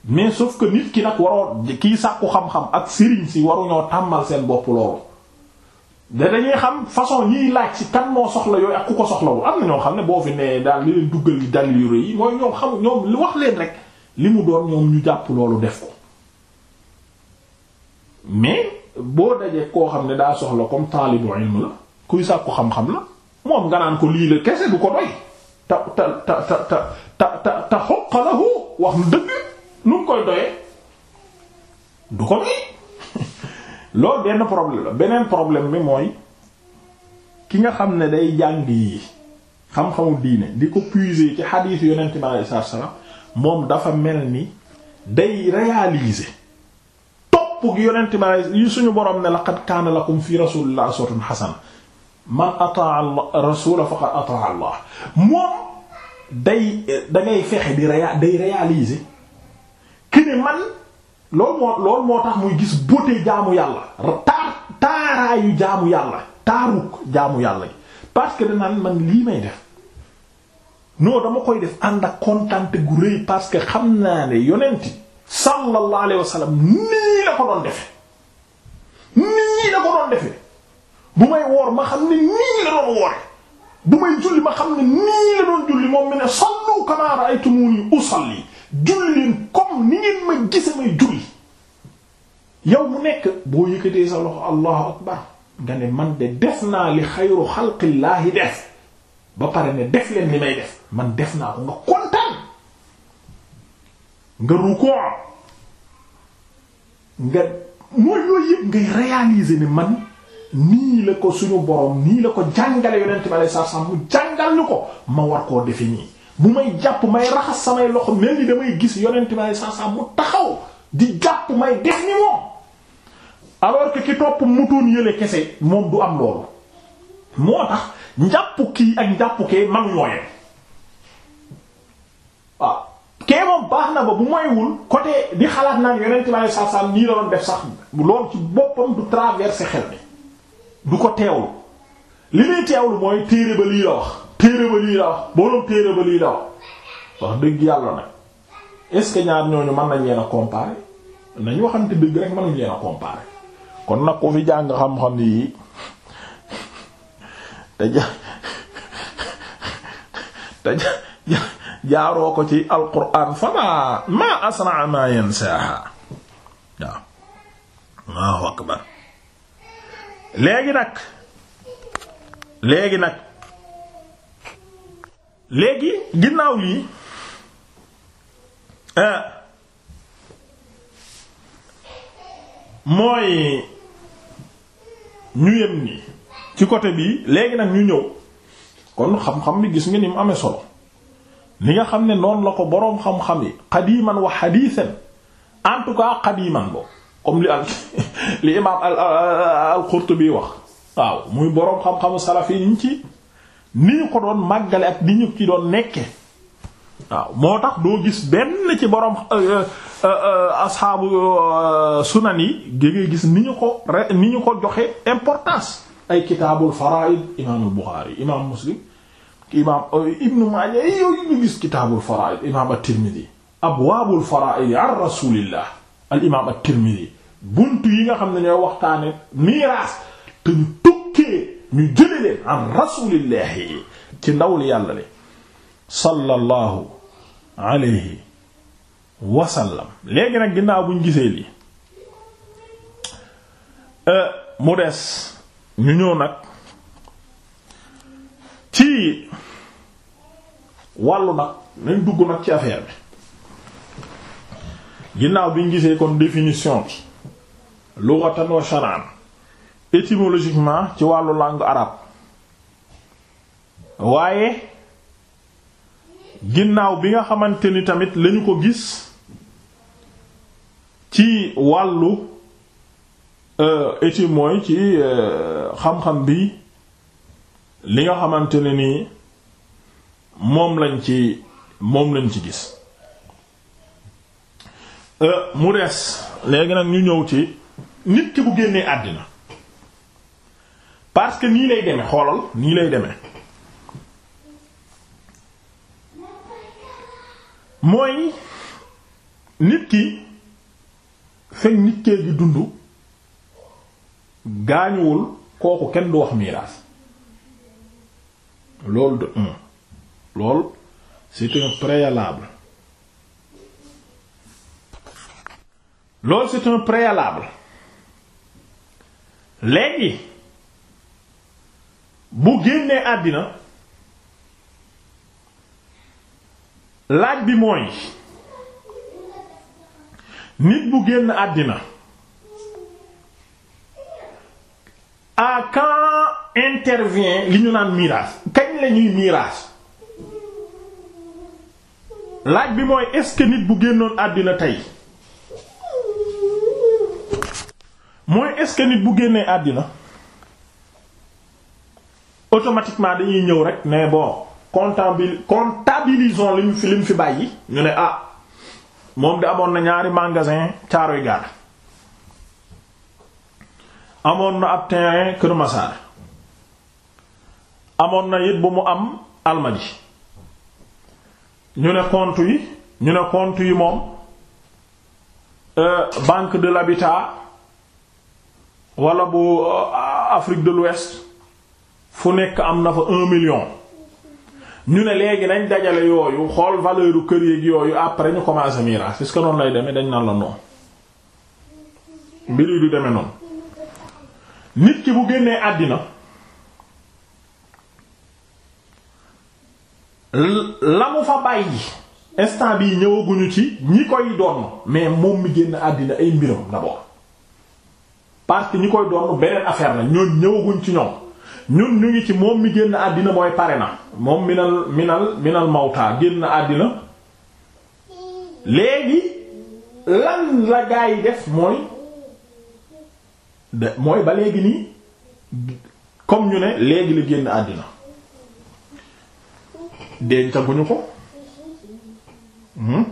mais sauf que nit ki nag waroo kiy sàkku xam-xam ak sëriñ si waruñoo tàmmal seen bopp loolu xam façon ñiy laaj ci kan moo yooyu ak ku ko soxlawul am ñoo xam ne boo fi nee daal duggal yi dalil yu rëy yi mooy ñoom xamul ñoom wax leen rek li mu doon ñoom ñu jàpp loolu def mais boo dajee koo xam ne daa soxla comme taalibu ilm la kuy sàkku xam-xam la moom nga naan ko lii la kese du ko doy ta ta ta ta ta ta ta ta xoqalahu wax nu dëgg nu koy doyee du ko doy loolu benn problème la beneen problème bi mooy ki nga xam ne day jàng yi xam-xamu diine di ko puiser ci xadiis yonent bi alayhi moom dafa mel ni day réaliser topp gi yonent suñu borom ne laqad kaana lakum fi rasuulillahi uswatun hasana man ataa Allah rasula faqad ataa Allah moom day dangay fexe di réa day man loolu moo loolu moo tax muy gis beauté jaamu yàlla taar taaraayu jaamu yàlla taaruk jaamu yàlla gi parce que danaan man lii may def non dama koy def ànd ak kontante gu rëy parce que xam naa ne yonenti sallallahu alayhi wa nii la ko doon defe nii la ko doon defe bu may woor ma xam ne nii la doon woore bu may julli ma xam ne nii la doon julli moom mi ne sallu kama ra'aytumuni usalli julli leen comme ni ngeen ma gise may julli yow mu nekk boo yëkkatee sa loxo allahu akbar nga ne man de def naa li xayru xalqillaahi def ba pare ne def leen li may def man def naa ko nga kontaan nga rukkoo nga mooy yooyu yëpp ngay réaliser ne man nii la ko suñu borom nii la ko jàngale yonent bi alayhi salaam mu jàngal ñu ko ma war koo defe nii bu may jàpp may raxas samay loxo mel ni damay gis yonent bi alayhi salaam mu taxaw di jàpp may def ni moom alors ki topp mutuun yële kese moom du am loolu moo tax njàpp kii ak njàpp kee mag ñooyee waaw kee moom baax na ba bu wul côté di xalaat naan yonent bi alayhi salaam nii la doon def sax loolu ci boppam du traverser xel bi du ko teewlu li muy teewlu mooy téere ba lii la wax téere ba lii la wax boroom téere ba lii la wax wax dëgg yàlla nag est ñaar ñooñu mën nañ leen a comparer nañ waxante dëgg rek mënuñ leen a kon nag ku fi jàng xam-xam yii te ja te ja jaaroo ko ci alquran fama ma asra ma yansaha waaw Allahu akbar léegi nag léegi nag léegi ginnaaw lii euh, mooy ñu yem nii ci côté bii léegi nag ñu ñëw kon xam-xam bi gis nga ni mu amee solo li nga xam ne noonu la ko boroom xam-xam yi xadiiman wa xadiisan en tout cas xadiiman bo comme li al li imaam al qurtubi wax waaw muy boroom xam-xamu salaf yi ci ni ñu ko doon màggale ak ni ñu ci doon nekke waaw moo tax doo gis benn ci boroom euh, euh, euh, asxaabu sunan yi géegee gis ni ñu ko re ko joxe importance ay kitaabul faraid imaamul Buxaari imaam Muslim imaam Ibnu yooyu ñu gis kitaabul faraid imaam at-Tirmidi abwaabul faraid an rasulillah al imaam at-Tirmidi bunt yi nga xam ne ñooy waxtaane miraas te ñu tukkee ñu jële leen an rasulillahi ci ndaw li yàlla li sallallahu alayhi wasallam léegi nag ginnaaw buñ gisee lii euh, mu des ñu ñëw nag ci wàllu nag nañ dugg nag ci affaire bi ginnaaw biñ gisee kon définition bi lughatan wa shar'an ci wàllu langue arabe waaye ginnaaw bi nga xamante ni tamit lañu ko gis ci wàllu euh, étym mooy ci euh, xam-xam bi li nga xamante ne nii moom lañ ci moom lañ ci gis euh, mu des léegi nag ñu ñëw ci nit ki bu génnee àddina parce que nii lay deme xoolal nii lay deme mooy nit ki fekk nit kee gi dund gaañuwul kooku kenn du wax miraas loolu de un loolu c'est un préalable loolu c'est un préalable léegi bu génnee àddina laaj bi mooy nit bu génn àddina à quand intervient li ñu naan miraas kañ la ñuy miraas laaj bi mooy est nit bu génnoon àddina tey mooy est-ce que bu génnee àddina automatiquement dañuy ñëw rek ne bon comptabil comptabilisons li mu fi li fi bàyyi ñu ne ah moom de amoon na ñaari magasin Caaroy Gaar amoon na ab terrain Kër Massar amoon na it bu mu am Almadies ñu ne compte yi ñu ne compte yi moom euh, banque de l'habitat wala bu euh, Afrique de l'Ouest fu nekk am na fa un million ñu ne léegi nañ dajale yooyu xool valeur u kër yeeg yooyu après ñu commencé miraas est-ce que noonu lay demee dañ naan la noonu mbir yi du demee noonu nit ki bu génnee àddina la mu fa bàyyi instant bii ñëwaguñu ci ñi koy doon mais moom mi génn àddina ay mbiram d'abord parce que ñi koy doon beneen affaire na ñoon ñëwaguñ ci ñoom ñun ñu ngi ci moom mi génn àddina mooy pare na moom minal minal minal mawtaa génn àddina léegi lan la gaa yi def mooy de mooy ba léegi nii comme ñu ne léegi li génn àddina dencaguñu ko hmm?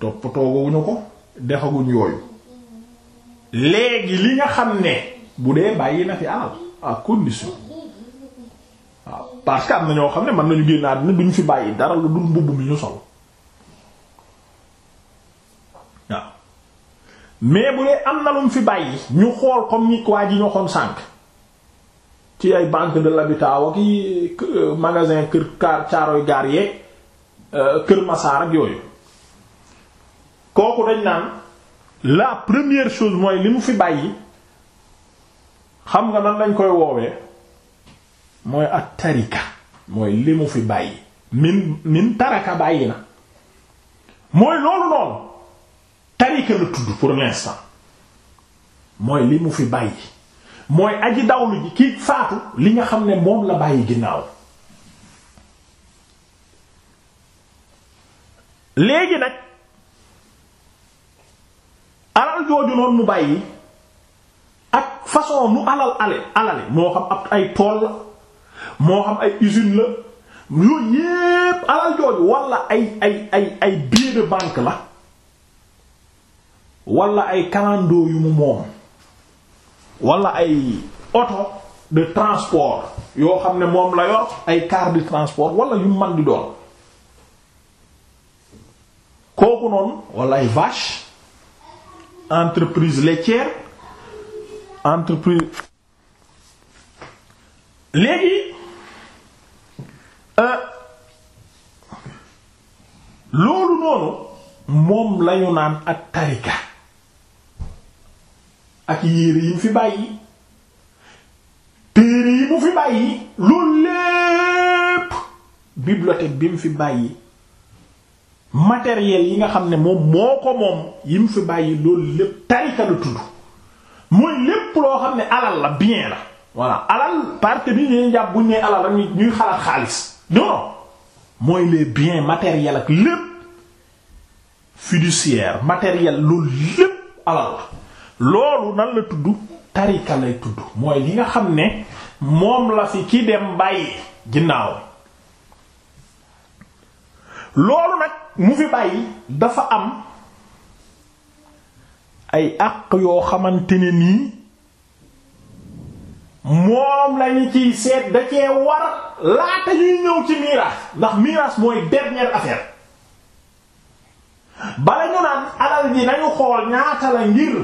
toppatooguñu ko dexaguñ yooyu léegi li nga xam ne bu dee bàyyi na fi alal à condition waaw parce que am na ñoo xam ne mën nañu génn àddina duñ fi bàyyi dara lu dul mbubb mi ñu sol waaw mais bu dee am na mu fi bàyyi ñu xool comme ni waa ji ñoxoon sànq ci ay banque de l'habitat wa ki euh, magasin kër car caaroy gaar yeeg euh, kër masaar ak yooyu kooku dañ naan la première chose mooy li mu fi bàyyi xam nga nan lañ koy woowee mooy ak tarika mooy li mu fi bàyyi min min taraka bàyyi na mooy loolu noonu tarika la tudd pour l'instant mooy li mu fi bàyyi mooy aji dawlu ji ki faatu li nga xam ne moom la bàyyi ginnaaw léegi nag alal jooju noonu mu bàyyi ak façon mu alal ale alale moo xam ab ay tool la moo xam ay usine la yooyu yépp alal jooju wala ay ay ay ay de banque la wala ay kalandoo yu mu moom wala ay oto de transport yoo xam ne moom la yor ay car de transport wala yu man di doon kooku noonu wala ay vache entreprise laitière entreprise léegi euh, loolu noonu moom lañu naan ak tarika ak yére yi mu fi bàyyi téere yi mu fi bàyyi loolu lépp bibliothèque bi mu fi bàyyi matériel yi nga xam ne moom moo ko moom yi mu fi bàyyi loolu lépp tarika la tudd mooy lépp loo xam ne alal la bien la voilà alal parce que bi ñuy jàpp buñ nee alal rek ñuy xalaat xaalis non mooy les bien matériels ak lépp fiduciaire matériel loolu lépp alal la loolu nan la tudd tarika lay tudd mooy li nga xam ne moom la fi ki dem bàyyi ginnaaw loolu nag mu fi bàyyi dafa am ay àq yoo xamante ne nii moom lañu ciy seet da cee war laata ñuy ñëw ci miraas ndax miraas mooy dernière affaire bala ñu naan alal ji nañu xool ñaata la ngir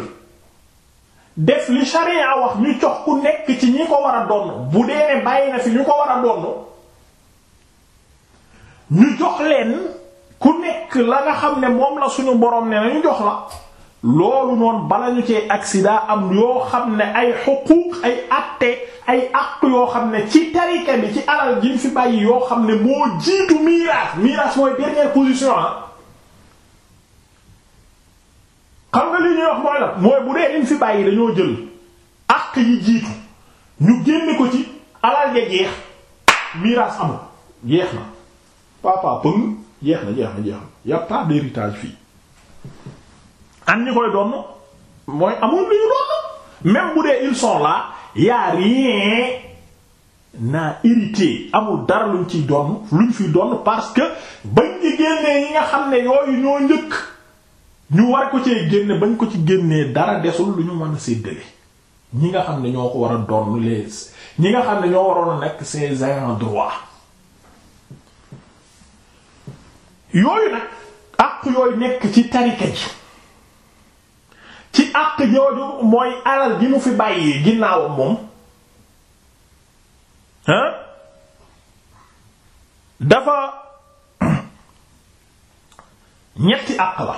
def li sharia wax ñu jox ku nekk ci ñi ko war a donn bu dee ne bàyyi na fi ñu ko war a donn ñu jox leen ku nekk la nga xam ne moom la suñu borom ne nañu jox la loolu noonu bala ñu cee accident am yoo xam ne ay xuquuq ay àtte ay àq yoo xam ne ci tarika bi ci alal ji fi yoo xam ne moo jiitu miraas position ah. xam nga li ñuy wax mooy la mooy bu dee lim fi bàyyi dañoo jël àq yi jiitu ñu génne ko ci alal ja jeex miraas amul jeex na papa pëng jeex na jeex na jeex na y a pas d'héritage fii am ñi koy doon mooy amul lu ñu doon même bu dee ils sont là y a rien naa hérité amul dara ci ciy doon luñ fi doon parce que bañ ci génnee ñi nga xam ne yooyu ñoo njëkk ñu war ko cee génne bañ ko ci génnee dara desul lu ñu mën a ñi nga xam ne ñoo ko war a doon les ñi nga xam ne ñoo waroon a nekk ces ayants droit yooyu nag àq yooyu nekk ci tarika ci àq jooju mooy alal gi mu fi bàyyi ginnaawam moom hein dafa ñetti àq la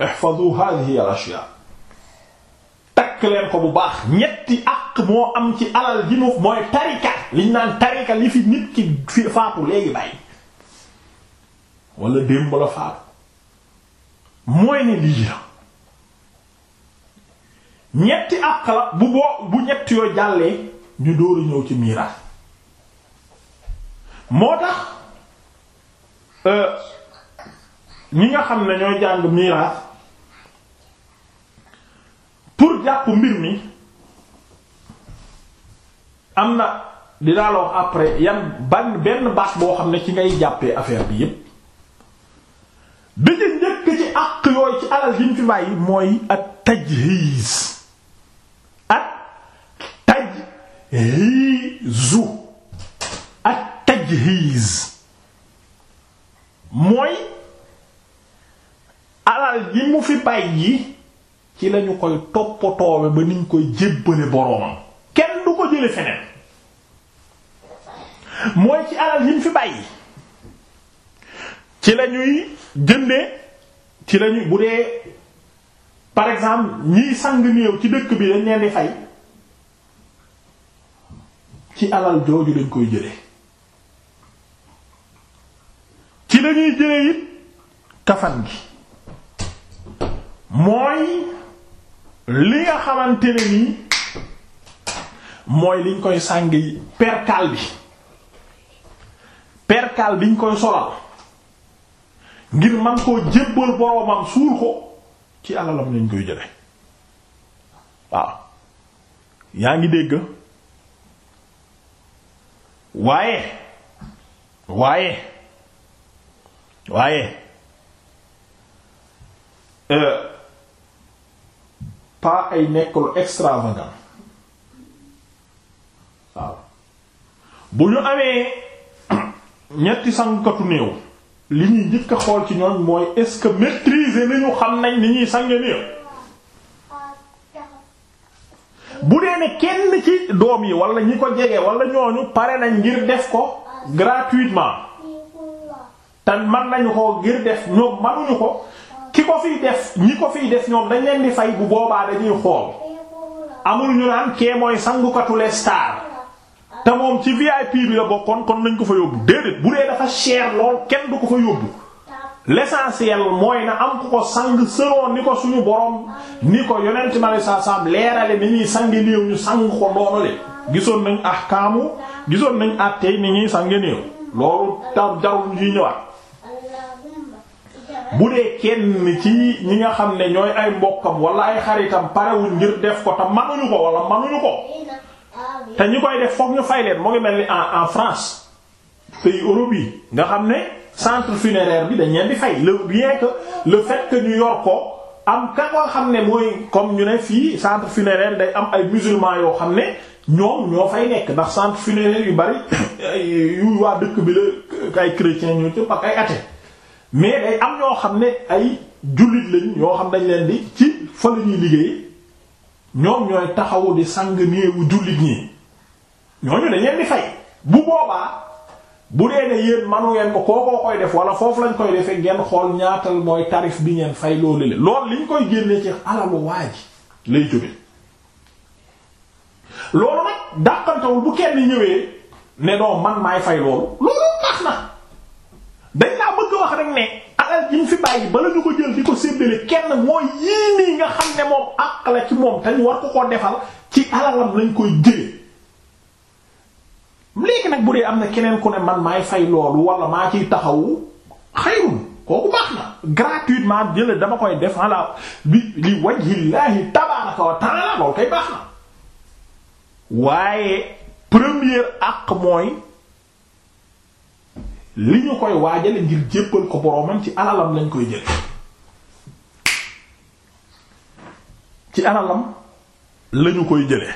ihfazu hadhihi al ashya takk ko bu baax ñetti àq moo am ci alal ji mu mooy tarika liñ naan tarika li fi nit ki fi faatu léegi bàyyi wala démb la faatu mooy ne lii la ñetti àq la bu boo bu ñetti yoo jàllee ñu dóoru ñëw ci miraas moo tax euh, ñi nga xam ne ñooy jàng miraas pour jàpp mbir mi am na dinaa la wax après yan ban benn baax boo xam ne ci ngay jàppee affaire bi yépp bi njëkk ci àq yooyu ci alal yi ñu fi bàyyi mooy at tajhiz at tajhizu at tajhiz mooy alal yi mu fi bàyyi ci lañu koy toppatoowe ba niñ koy jébbale boroomam kenn du ko jële feneen mooy ci alal yi fi bàyyi ci lañuy jëndee ci lañuy bu dee par exemple ñiy sang néew ci dëkk bi dañ leen di fay ci alal jooju dañ koy jële ci lañuy jële it kafan gi mooy li nga xamante ne nii mooy liñ koy sàng yi perkaal bi perkaal biñ koy solal ngir man koo jébbal boroomam suul ko ci alalam lañ koy jële waaw yaa ngi dégg waaye waaye waaye euh, pas ay nekk lu waaw bu ñu amee ñetti sangkatu néew li ñuy njëkk xool ci ñoom mooy est-ce que maîtriser nañu xam nañ ni ñuy sange néew bu dee ne kenn ci doom yi wala ñi ko jege wala ñooñu pare nañ ngir def ko gratuitement te man nañu ko ngir def ñoom manuñu ko ki ko fiy def ñi ko fiy def ñoom dañ leen di fay bu boobaa dañuy xool amul ñu naan kee mooy sangukatu les stars te moom ci VIP bi la bokkoon kon nañ ko fa yóbbu déedéet bu dee dafa cher lool kenn du ko fa yóbbu l'essentiel mooy na am ku ko sang selon ni ko suñu borom ni ko yonent ma lay sa sam leerale ni ñuy sang néew ñu sang ko doonale gisoon nañ ahkaamu gisoon nañ àttey ni ñuy sang néew loolu tar jarul ñuy ñëwaat bu dee kenn ci ñi nga xam ne ñooy ay mbokkam wala ay xaritam parewuñ njër def ko te manuñu ko wala manuñu ko te ñi koy def fokk ñu fay leen moo ngi mel ni en en France pays Europe yi nga xam ne centre funéraire bi dañ leen di fay le bien que le fait que ñu yor ko am ka koo xam ne mooy comme ñu ne fii centre funéraire day am ay musulman yoo xam ne ñoom ñoo fay nekk ndax centre funéraire yu bari yu waa dëkk bi la ay chrétiens ñu ci ak ay athées. mais day am ñoo xam ne ay jullit lañ yoo xam dañ leen di ci fa la ñuy liggéey ñoom ñooy taxawu di sang néewu jullit ñi ñooñu dañ leen di fay bu boobaa bu dee ne yéen manu ngeen ko kookoo koy def wala foofu lañ koy defee ngeen xool ñaatal mooy tarif bi ngeen fay loolu le loolu liñ koy génnee ci alalu waa ji lay jóge nag dàqantawul bu kenn ñëwee ne doom man maay fay loolu loolu tax na bëgg a wax rek ne alal ji mu fi bàyyi bala ñu ko jël di ko séddale kenn mooy yii nii nga xam ne moom àq la ci moom te ñu war ko koo defal ci alalam lañ koy jëlee. léegi nag bu dee am na keneen ku ne man maay fay loolu wala maa ciy taxawu xayrun kooku baax na gratuitement jële dama koy def ala bi li wajhillaahi tabaaraka wa ta'aala loolu kay baax na waaye première àq mooy. li ñu koy waajale ngir jéppal ko boroomam ci alalam lañ koy jël ci alalam lañu koy jële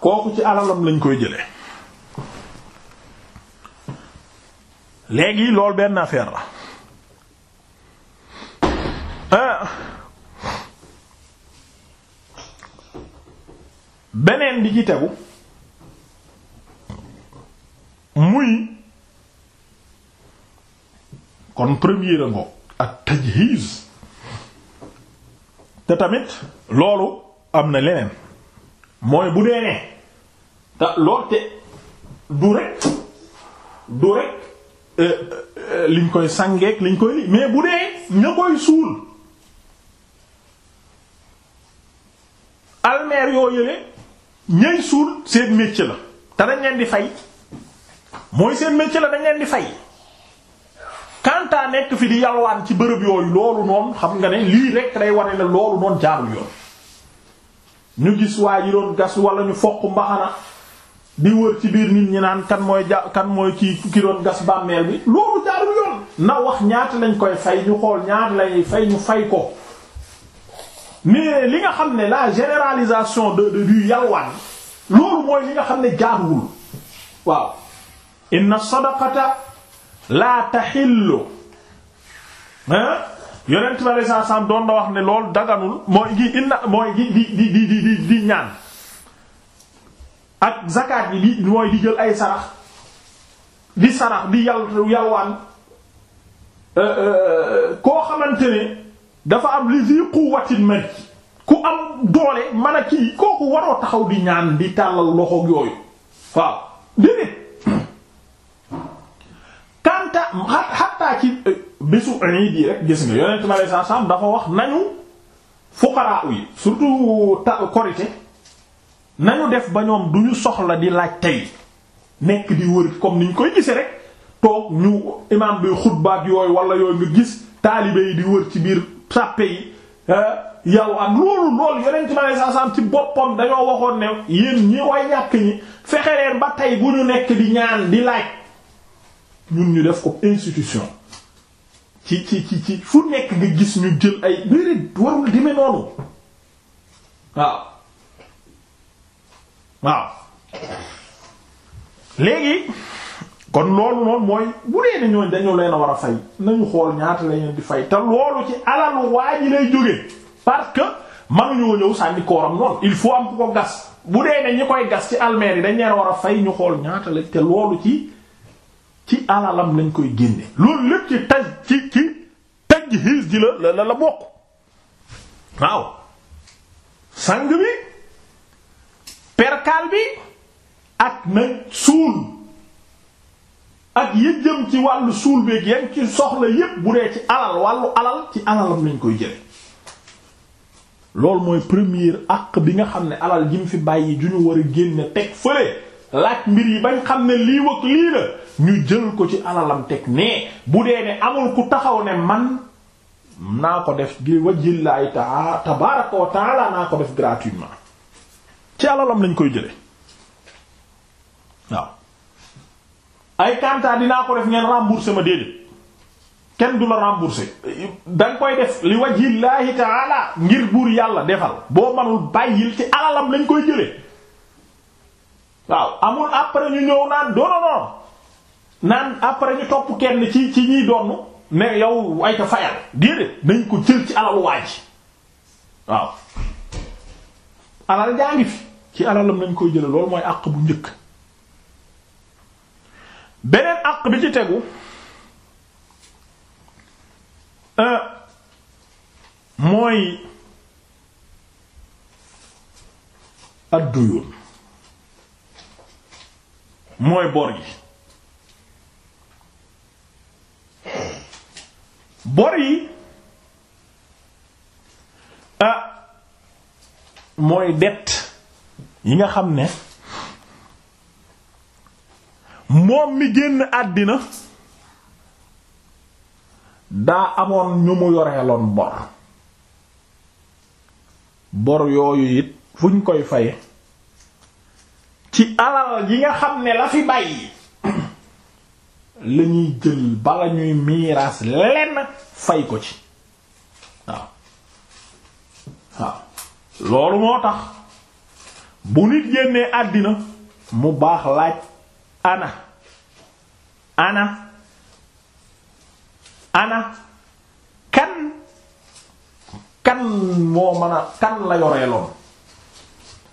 kooku ci alalam lañ koy jële léegi lool benn affaire la ah beneen bi ci tegu muy kon première ngo ak tajhiz te tamit loolu am na leneen mooy bu dee ne te lool te du rek du rek euh, euh, liñ koy sangeek liñ koy mais bu dee ña koy suul almeer yoo yële ñay suul seen métier la te dañ leen di fay mooy seen métier la dañ leen di fay kanta nekk fi di yalwaan ci bërëb yooyu loolu noonu xam nga ne lii rekk day wane ne loolu noonu jaarul yoon ñu gis waa ji doon gas wala ñu foq mbaxana di wër ci biir nit ñi naan kan mooy ja kan mooy doon gas bàmmeel bi loolu jaarul yoon na wax ñaata lañ koy fay ñu xool ñaata lañ fay ñu fay ko mais li nga xam ne la généralisation de de du yalwaan loolu mooy li nga xam ne jaaruwul waaw inna sadaqata laa taxillu yonent bi saa saam doon na wax ne loolu daganul mooy gi inna mooy gi di di ñaan ak zakat yi di mooy di jël ay sarax di sarax di yal yalwaan euh, euh, koo xamante ne dafa am li zi quwwatin man ku am doole man a kii kooku waroo taxaw di ñaan di tàllal loxoog yooyu waaw déedéet xanta xataa ci euh, bésu iid yi rek gis nga yonent bi alayhi salaam dafa wax nañu fuqaraa yi surtout ta korite nañu def ba ñoom duñu soxla di laaj tey nekk di wër comme niñ koy gisee rek toog ñu imaam bi xutbaat yooyu wala yooyu nga gis taalibe yi di wër ci biir sàppe yi euh, yow ak loolu loolu yonent bi alayhi salaam ci boppam dañoo waxoon ne yéen ñi way ñàkk ñi fexe leen ba tey bu ñu nekk di ñaan di laaj ñun ñu def ko institution ci ci ci ci fu nekk nga gis ñu jël ay déedéet warul demee noonu waaw waaw léegi kon loolu noonu mooy bu dee ne ñooñ dañu leen a war a fay nañu xool ñaata lañu di fay te loolu ci alalu waa ji lay jóge parce que mënuñoo ñëw sànni kooram noonu il faut am ku ko gas bu dee ne ñi koy gas ci almeer yi dañ leen war a fay ñu xool ñaata la te loolu ci ci alalam lañ koy génne loolu lépp ci taj ci ci tajhiis ji la la la bokk waaw sang bi perkaal bi ak na suul ak yëjëm ci wàllu suul beeg yam ci soxla yépp bu dee ci alal wàllu alal ci alalam lañ koy jële loolu mooy premier àq bi nga xam ne alal ji fi bàyyi ju ñu war génne teg fële laaj mbir yi bañ xam ne lii wëg lii la ñu jël ko ci alalam teg nee bu dee ne amul ku taxaw ne man naa ko def gi wajjillaahi ta tabaraka wa naa ko def gratuitement ci alalam lañ koy jële waaw ay kantaa dinaa ko def ngeen rembourser ma déedéet kenn du la rembourser danga koy def li wajjillaahi ngir buur yàlla defal boo manul bàyyil ci alalam lañ koy jële waaw amul après ñu ñëw naan non non non naan après ñu topp kenn ci ci ñiy doon mais yow ay ko fayal déedéet nañ ko jël ci alalu waa ji waaw alal jaa ngi fi ci alalam nañ koy jële loolu mooy àq bu njëkk beneen àq bi ci tegu euh, mooy adduyun mooy bor yi bor yi ah mooy det yi nga xam ne moom mi génn àddina daa amoon ñu mu yoreeloon bor bor yooyu it fu ñu koy faye ci alal yi nga xam ne la fi bàyyi la ñuy jël bala ñuy miiraas lenn fay ko ci waaw loolu moo tax bu nit génnee àddina mu baax laaj ana ana ana kan kan moo mën a kan la yoreeloon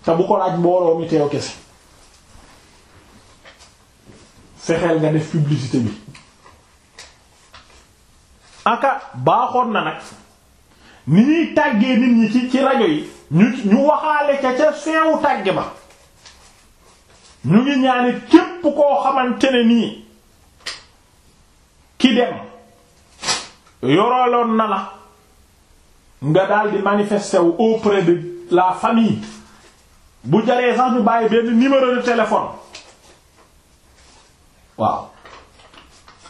te bu ko laaj mbooloo mi teew kese fexeel nga def publicité bi aka baaxoon na nag ni ñuy tàggee nit ñi ci rajo yi ñu ñu waxaale ca ca feewu tàgge ba ñu ngi ñaanit képp koo xamante ne nii ki dem yorooloon na la nga daal di manifester wu auprès de la famille bu jaree sax ñu bàyyi benn numéro de téléphone waaw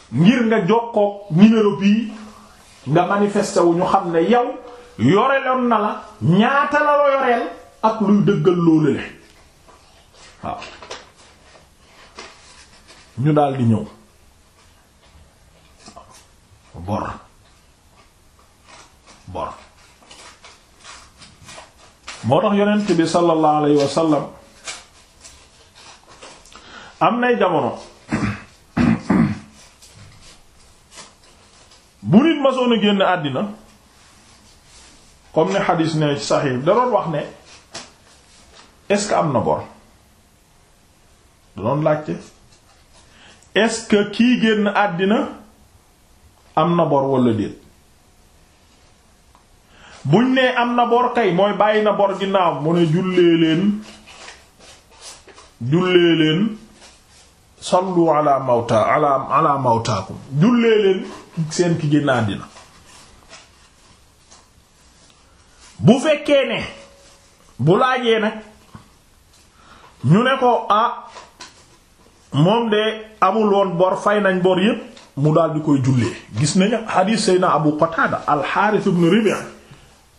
ngir nga jokkoo numéro bii nga manifesté wu ñu xam ne yow yoreloon na la ñaata la la yoreel ak luy dëggal loolu le waaw ñu daal ñëw bor bor moo tax yonent bi sallallahu alayhi am nay jamono bu nit masoon a génn àddina comme ni xadis ne ci da doon wax ne est-ce que am na bor da doon laajte est-ce kii génn àddina am na bor wala déet buñ nee am na bor kay mooy bàyyi na bor ginnaaw mu ne jullee leen jullee leen sallu ala mawta ala ala mawtaakum jullee leen seen ki bu fekkee ne bu laajee nag ñu ne ko ah moom de amul woon bor fay nañ bor yépp mu daal koy jullee gis nañu hadith sayna abu qatada al harith ibn ribi'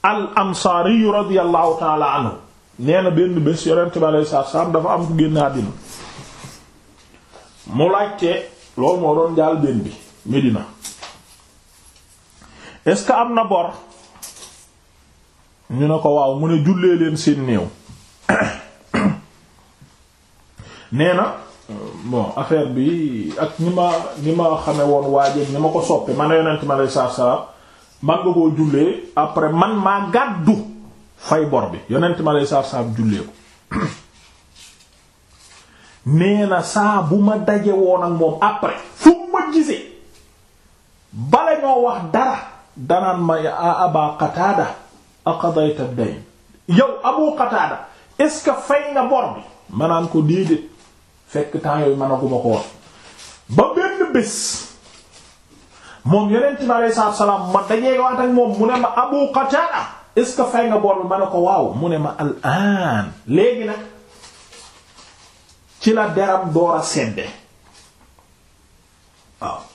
al ansaari radiyallahu ta'ala benn bés yonent bi alayhi salaatu salaam dafa am ku génn àddina mu laajte loolu moo doon jaal benn bi Medina est-ce que am na bor ñu ne ko waaw mu ne jullee leen seen néew nee na bon affaire bi ak ni ma ni ma xame woon waajeeg ni ma ko soppe man yonent ma lay saaf saaf man nga koo jullee après man maa gàddu fay bor bi yonent ma lay saaf saaf jullee ko nee saa bu ma daje woon ak moom après fu ma gisee bala ñoo wax dara danaan ma a qataada aqadayta dayn yow abu qataada est-ce que fay nga bor bi manaan ko déedéet fekk temps yooyu mënaguma ko wax ba benn bés moom yonent bi aleyhi salaatu salaam ma dajee waat ak moom mu ne ma abu qataada est fay nga bor bi ma ne ko waaw mu ne ma al léegi nag ci la deram door a sedde waaw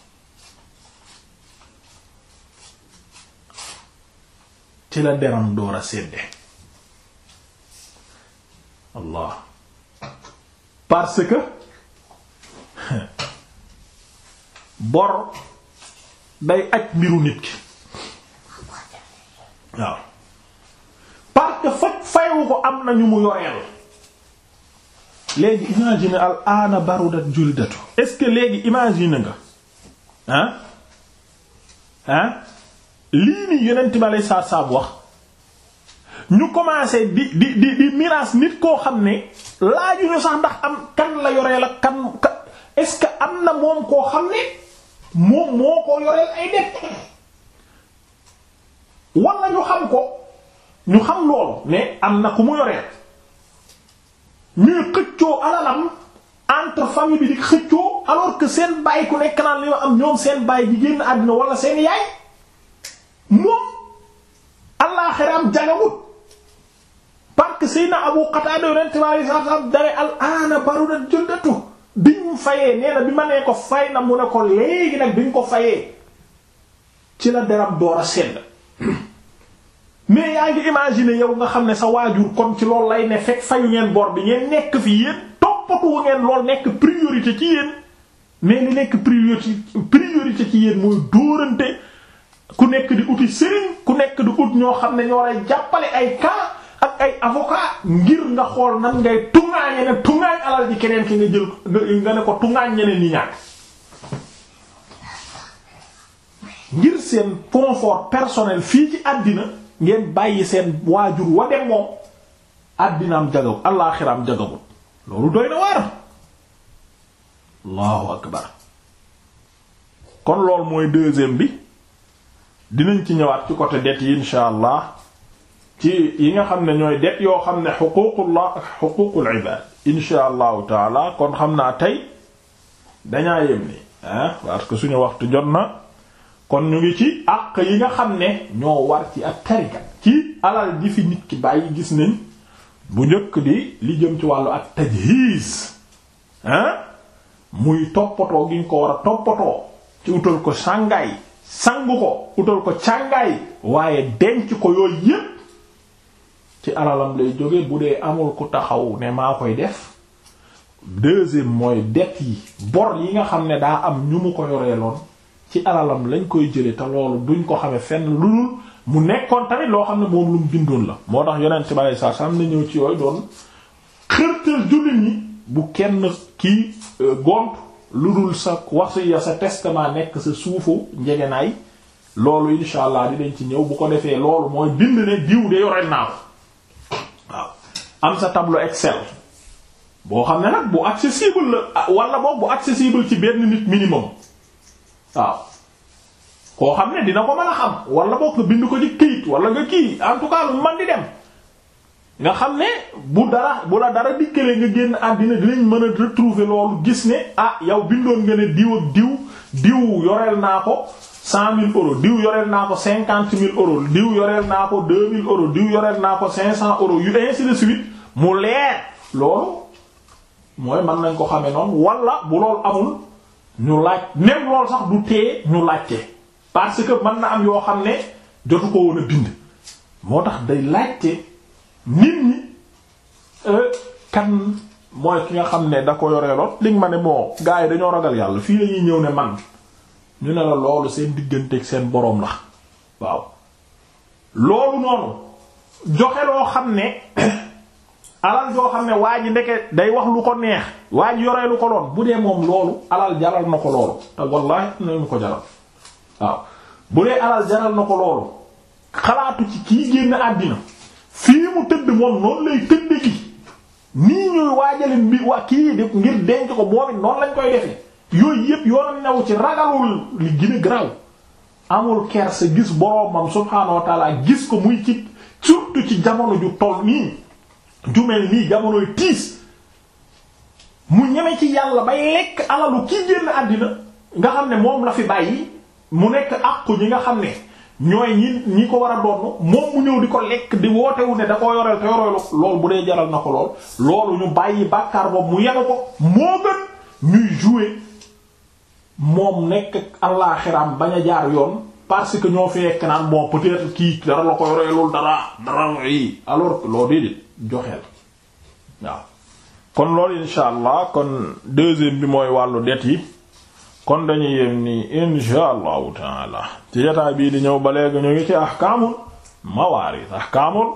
ci la deram door a sedde allah parce que bor day aj mbiru nit ki waaw parce que faj fayu ko am nañu mu yoreel léegi imagine al barudat julidatu est-ce que léegi imagine nga ah ah lii nii yonent bi alay saab wax ñu commencé di di di miraas nit koo xam ne laaju ñu sax ndax am kan la yoreel la kan est-ce que am na moom koo xam ne moom moo ko yoreel ay def wala ñu xam ko ñu xam loolu mais am na ku mu yoreel ñuy xëccoo alalam entre famille bi di xëccoo alors que seen bàyyi ku nekk naan li am ñoom seen bàyyi di génn àddina wala seen yaay moom allaaxiraam jagawut parce que Seydina Abu Qatada yonent ma alei satu salam dare al aana barudat bi ñu fayee nee bi ma nee ko fay na mu ne ko léegi nag bi ñu ko fayee ci la deram door a sedd mais yaa ngi imaginer yow nga xam ne sa waajur kon ci loolu lay ne fekk fayu ngeen bor bi ngeen nekk fi yéen toppatoo ngeen lool nekk priorité ci yéen mais li nekk priorité priorité ci yéen mooy dóorante ku nekk di uti sëriñ ku nekk di ut ñoo xam ne ñoo lay jàppale ay cas ak ay avocat ngir nga xool nan ngay tuŋaañe alal ji keneen ki nga jël nga ne ko tuŋaañ ñeneen ñi ñàkk ngir seen confort personel fii ci àddina ngeen bàyyi seen waajur wa dem moom àddinaam jagaw allaaxiraam jagawul loolu doy na waar allahu akbar kon loolu mooy deuxième bi dinañ ci ñëwaat ci côté det yi insha allah ci yi nga xam ne ñooy det yoo xam ne xuququllah ak xuququl ibad insha allahu taala kon xam naa tey dañaa yem ni parce que suñu waxtu jot na kon ñu ngi ci àq yi nga xam ne ñoo war ci ak tarika ci alal ji fi nit ki bàyyi gis nañ bu njëkk di li jëm ci wàllu ak tajhiis ah muy toppatoo gi ñu ko war toppatoo ci wutal ko sàngaay sangu ko utal ko càngaay waaye denc ko yooyu yépp ci alalam lay jóge bu dee amul ku taxaw ne maa koy def deuxième mooy det yi bor yi nga xam ne daa am ñu mu ko yoreeloon ci alalam lañ koy jële te loolu duñ ko xame fenn lu dul mu nekkoon tamit loo xam ne moom lu mu bindoon la moo tax yonent bi alei satu salaam na ñëw ci yooyu doon xërtal jullit ñi bu kenn kii euh, gont lu dul sa wasiya sa testament nekk sa suufu njegenaay loolu insha allah di dañ ci ñëw bu ko defee loolu mooy bind ne diw de yore naa ko waaw am sa tableau Excel boo xam ne nag bu accessible la ah, wala boog bu accessible ci benn nit minimum waaw koo xam ne dina ko mën a xam wala boog nga bind ko ci këyit wala nga kii en lu man di dem nga xam ne bu dara bu la dara dikkalee nga génn àddina dinañ mën a retrouver loolu gis ne ah yow bindoon nga ne diw ak diw diw yoreel naa ko cent mille euros diw yoreel naa ko cinquante mille euros diw yoreel naa ko deux mille euros diw yoreel naa ko cinq cent euros yu ainsi de suite mu leer loolu mooy mën nañ ko xamee noonu wala bu loolu amul ñu laaj même loolu sax du tee ñu laajte parce que mën na am yoo xam ne jotu ko woon a bind moo tax day laajte. nit ñi euh, kan mooy ki nga xam ne da ko yoreeloon li ma ne moo gaa yi dañoo ragal yàlla fii la ñuy ñëw ne man ñu ne la loolu seen digganteeg seen boroom la waaw loolu noonu joxe loo xam ne alal joo xam ne waa ji ndeke day wax lu ko neex waa ji yoreelu ko loon bu dee moom loolu alal jaral na ko loolu te wallaahi nañu ko jaral waaw bu dee alal jaral na ko loolu xalaatu ci kii génn àddina fii mu tëdd moom noonu lay tëdd gi nii ñuy waajale mbi waa kii di ngir denc ko moom it lañ koy defee yooyu yëpp yoonu naw ci ragalul li graw amul kersa gis boromam subhaanahu wa gis ko muy ci surtout ci jamono ju toll nii jumel nii jamonoy tiis mu ñeme ci yàlla bay lekk alalu kii génn àddina nga xam ne moom la fi bàyyi mu nekk àqu ñi nga xam ne ñooy ñi ñi ko war a doon moom mu ñëw di ko lekk di wootewu ne dafoo koo yoreel loolu bu dee jaral na ko lool loolu ñu bàyyi bàkkaar boobu mu yenu ko moo gën ñuy jouer moom nekk allaaxiram bañ a jaar yoon parce que ñoo fi nekk naan bon peut kii dara la ko yoreelul dara dara yi alors que loolu déedéet joxeel waaw kon loolu insha allah kon deuxième bi mooy wàllu det yi kon dañuy yem nii insha allahu taala ci jotaay bii di ñëw ba léegi ñu ngi ci ahkaamul mawaaris ahkaamul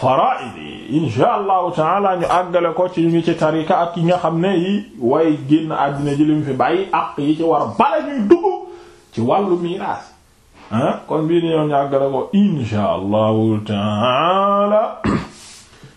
faraa'id yi insha allahu taala ñu àggale ko ci ñu ngi ci tarika ak yi nga xam ne yi way génn àddina ji lim fi bàyyi àq yi ci war bala ñuy dugg ci wàllu miraas ah kon bii ñëw ñu àggale ko insha allahu taala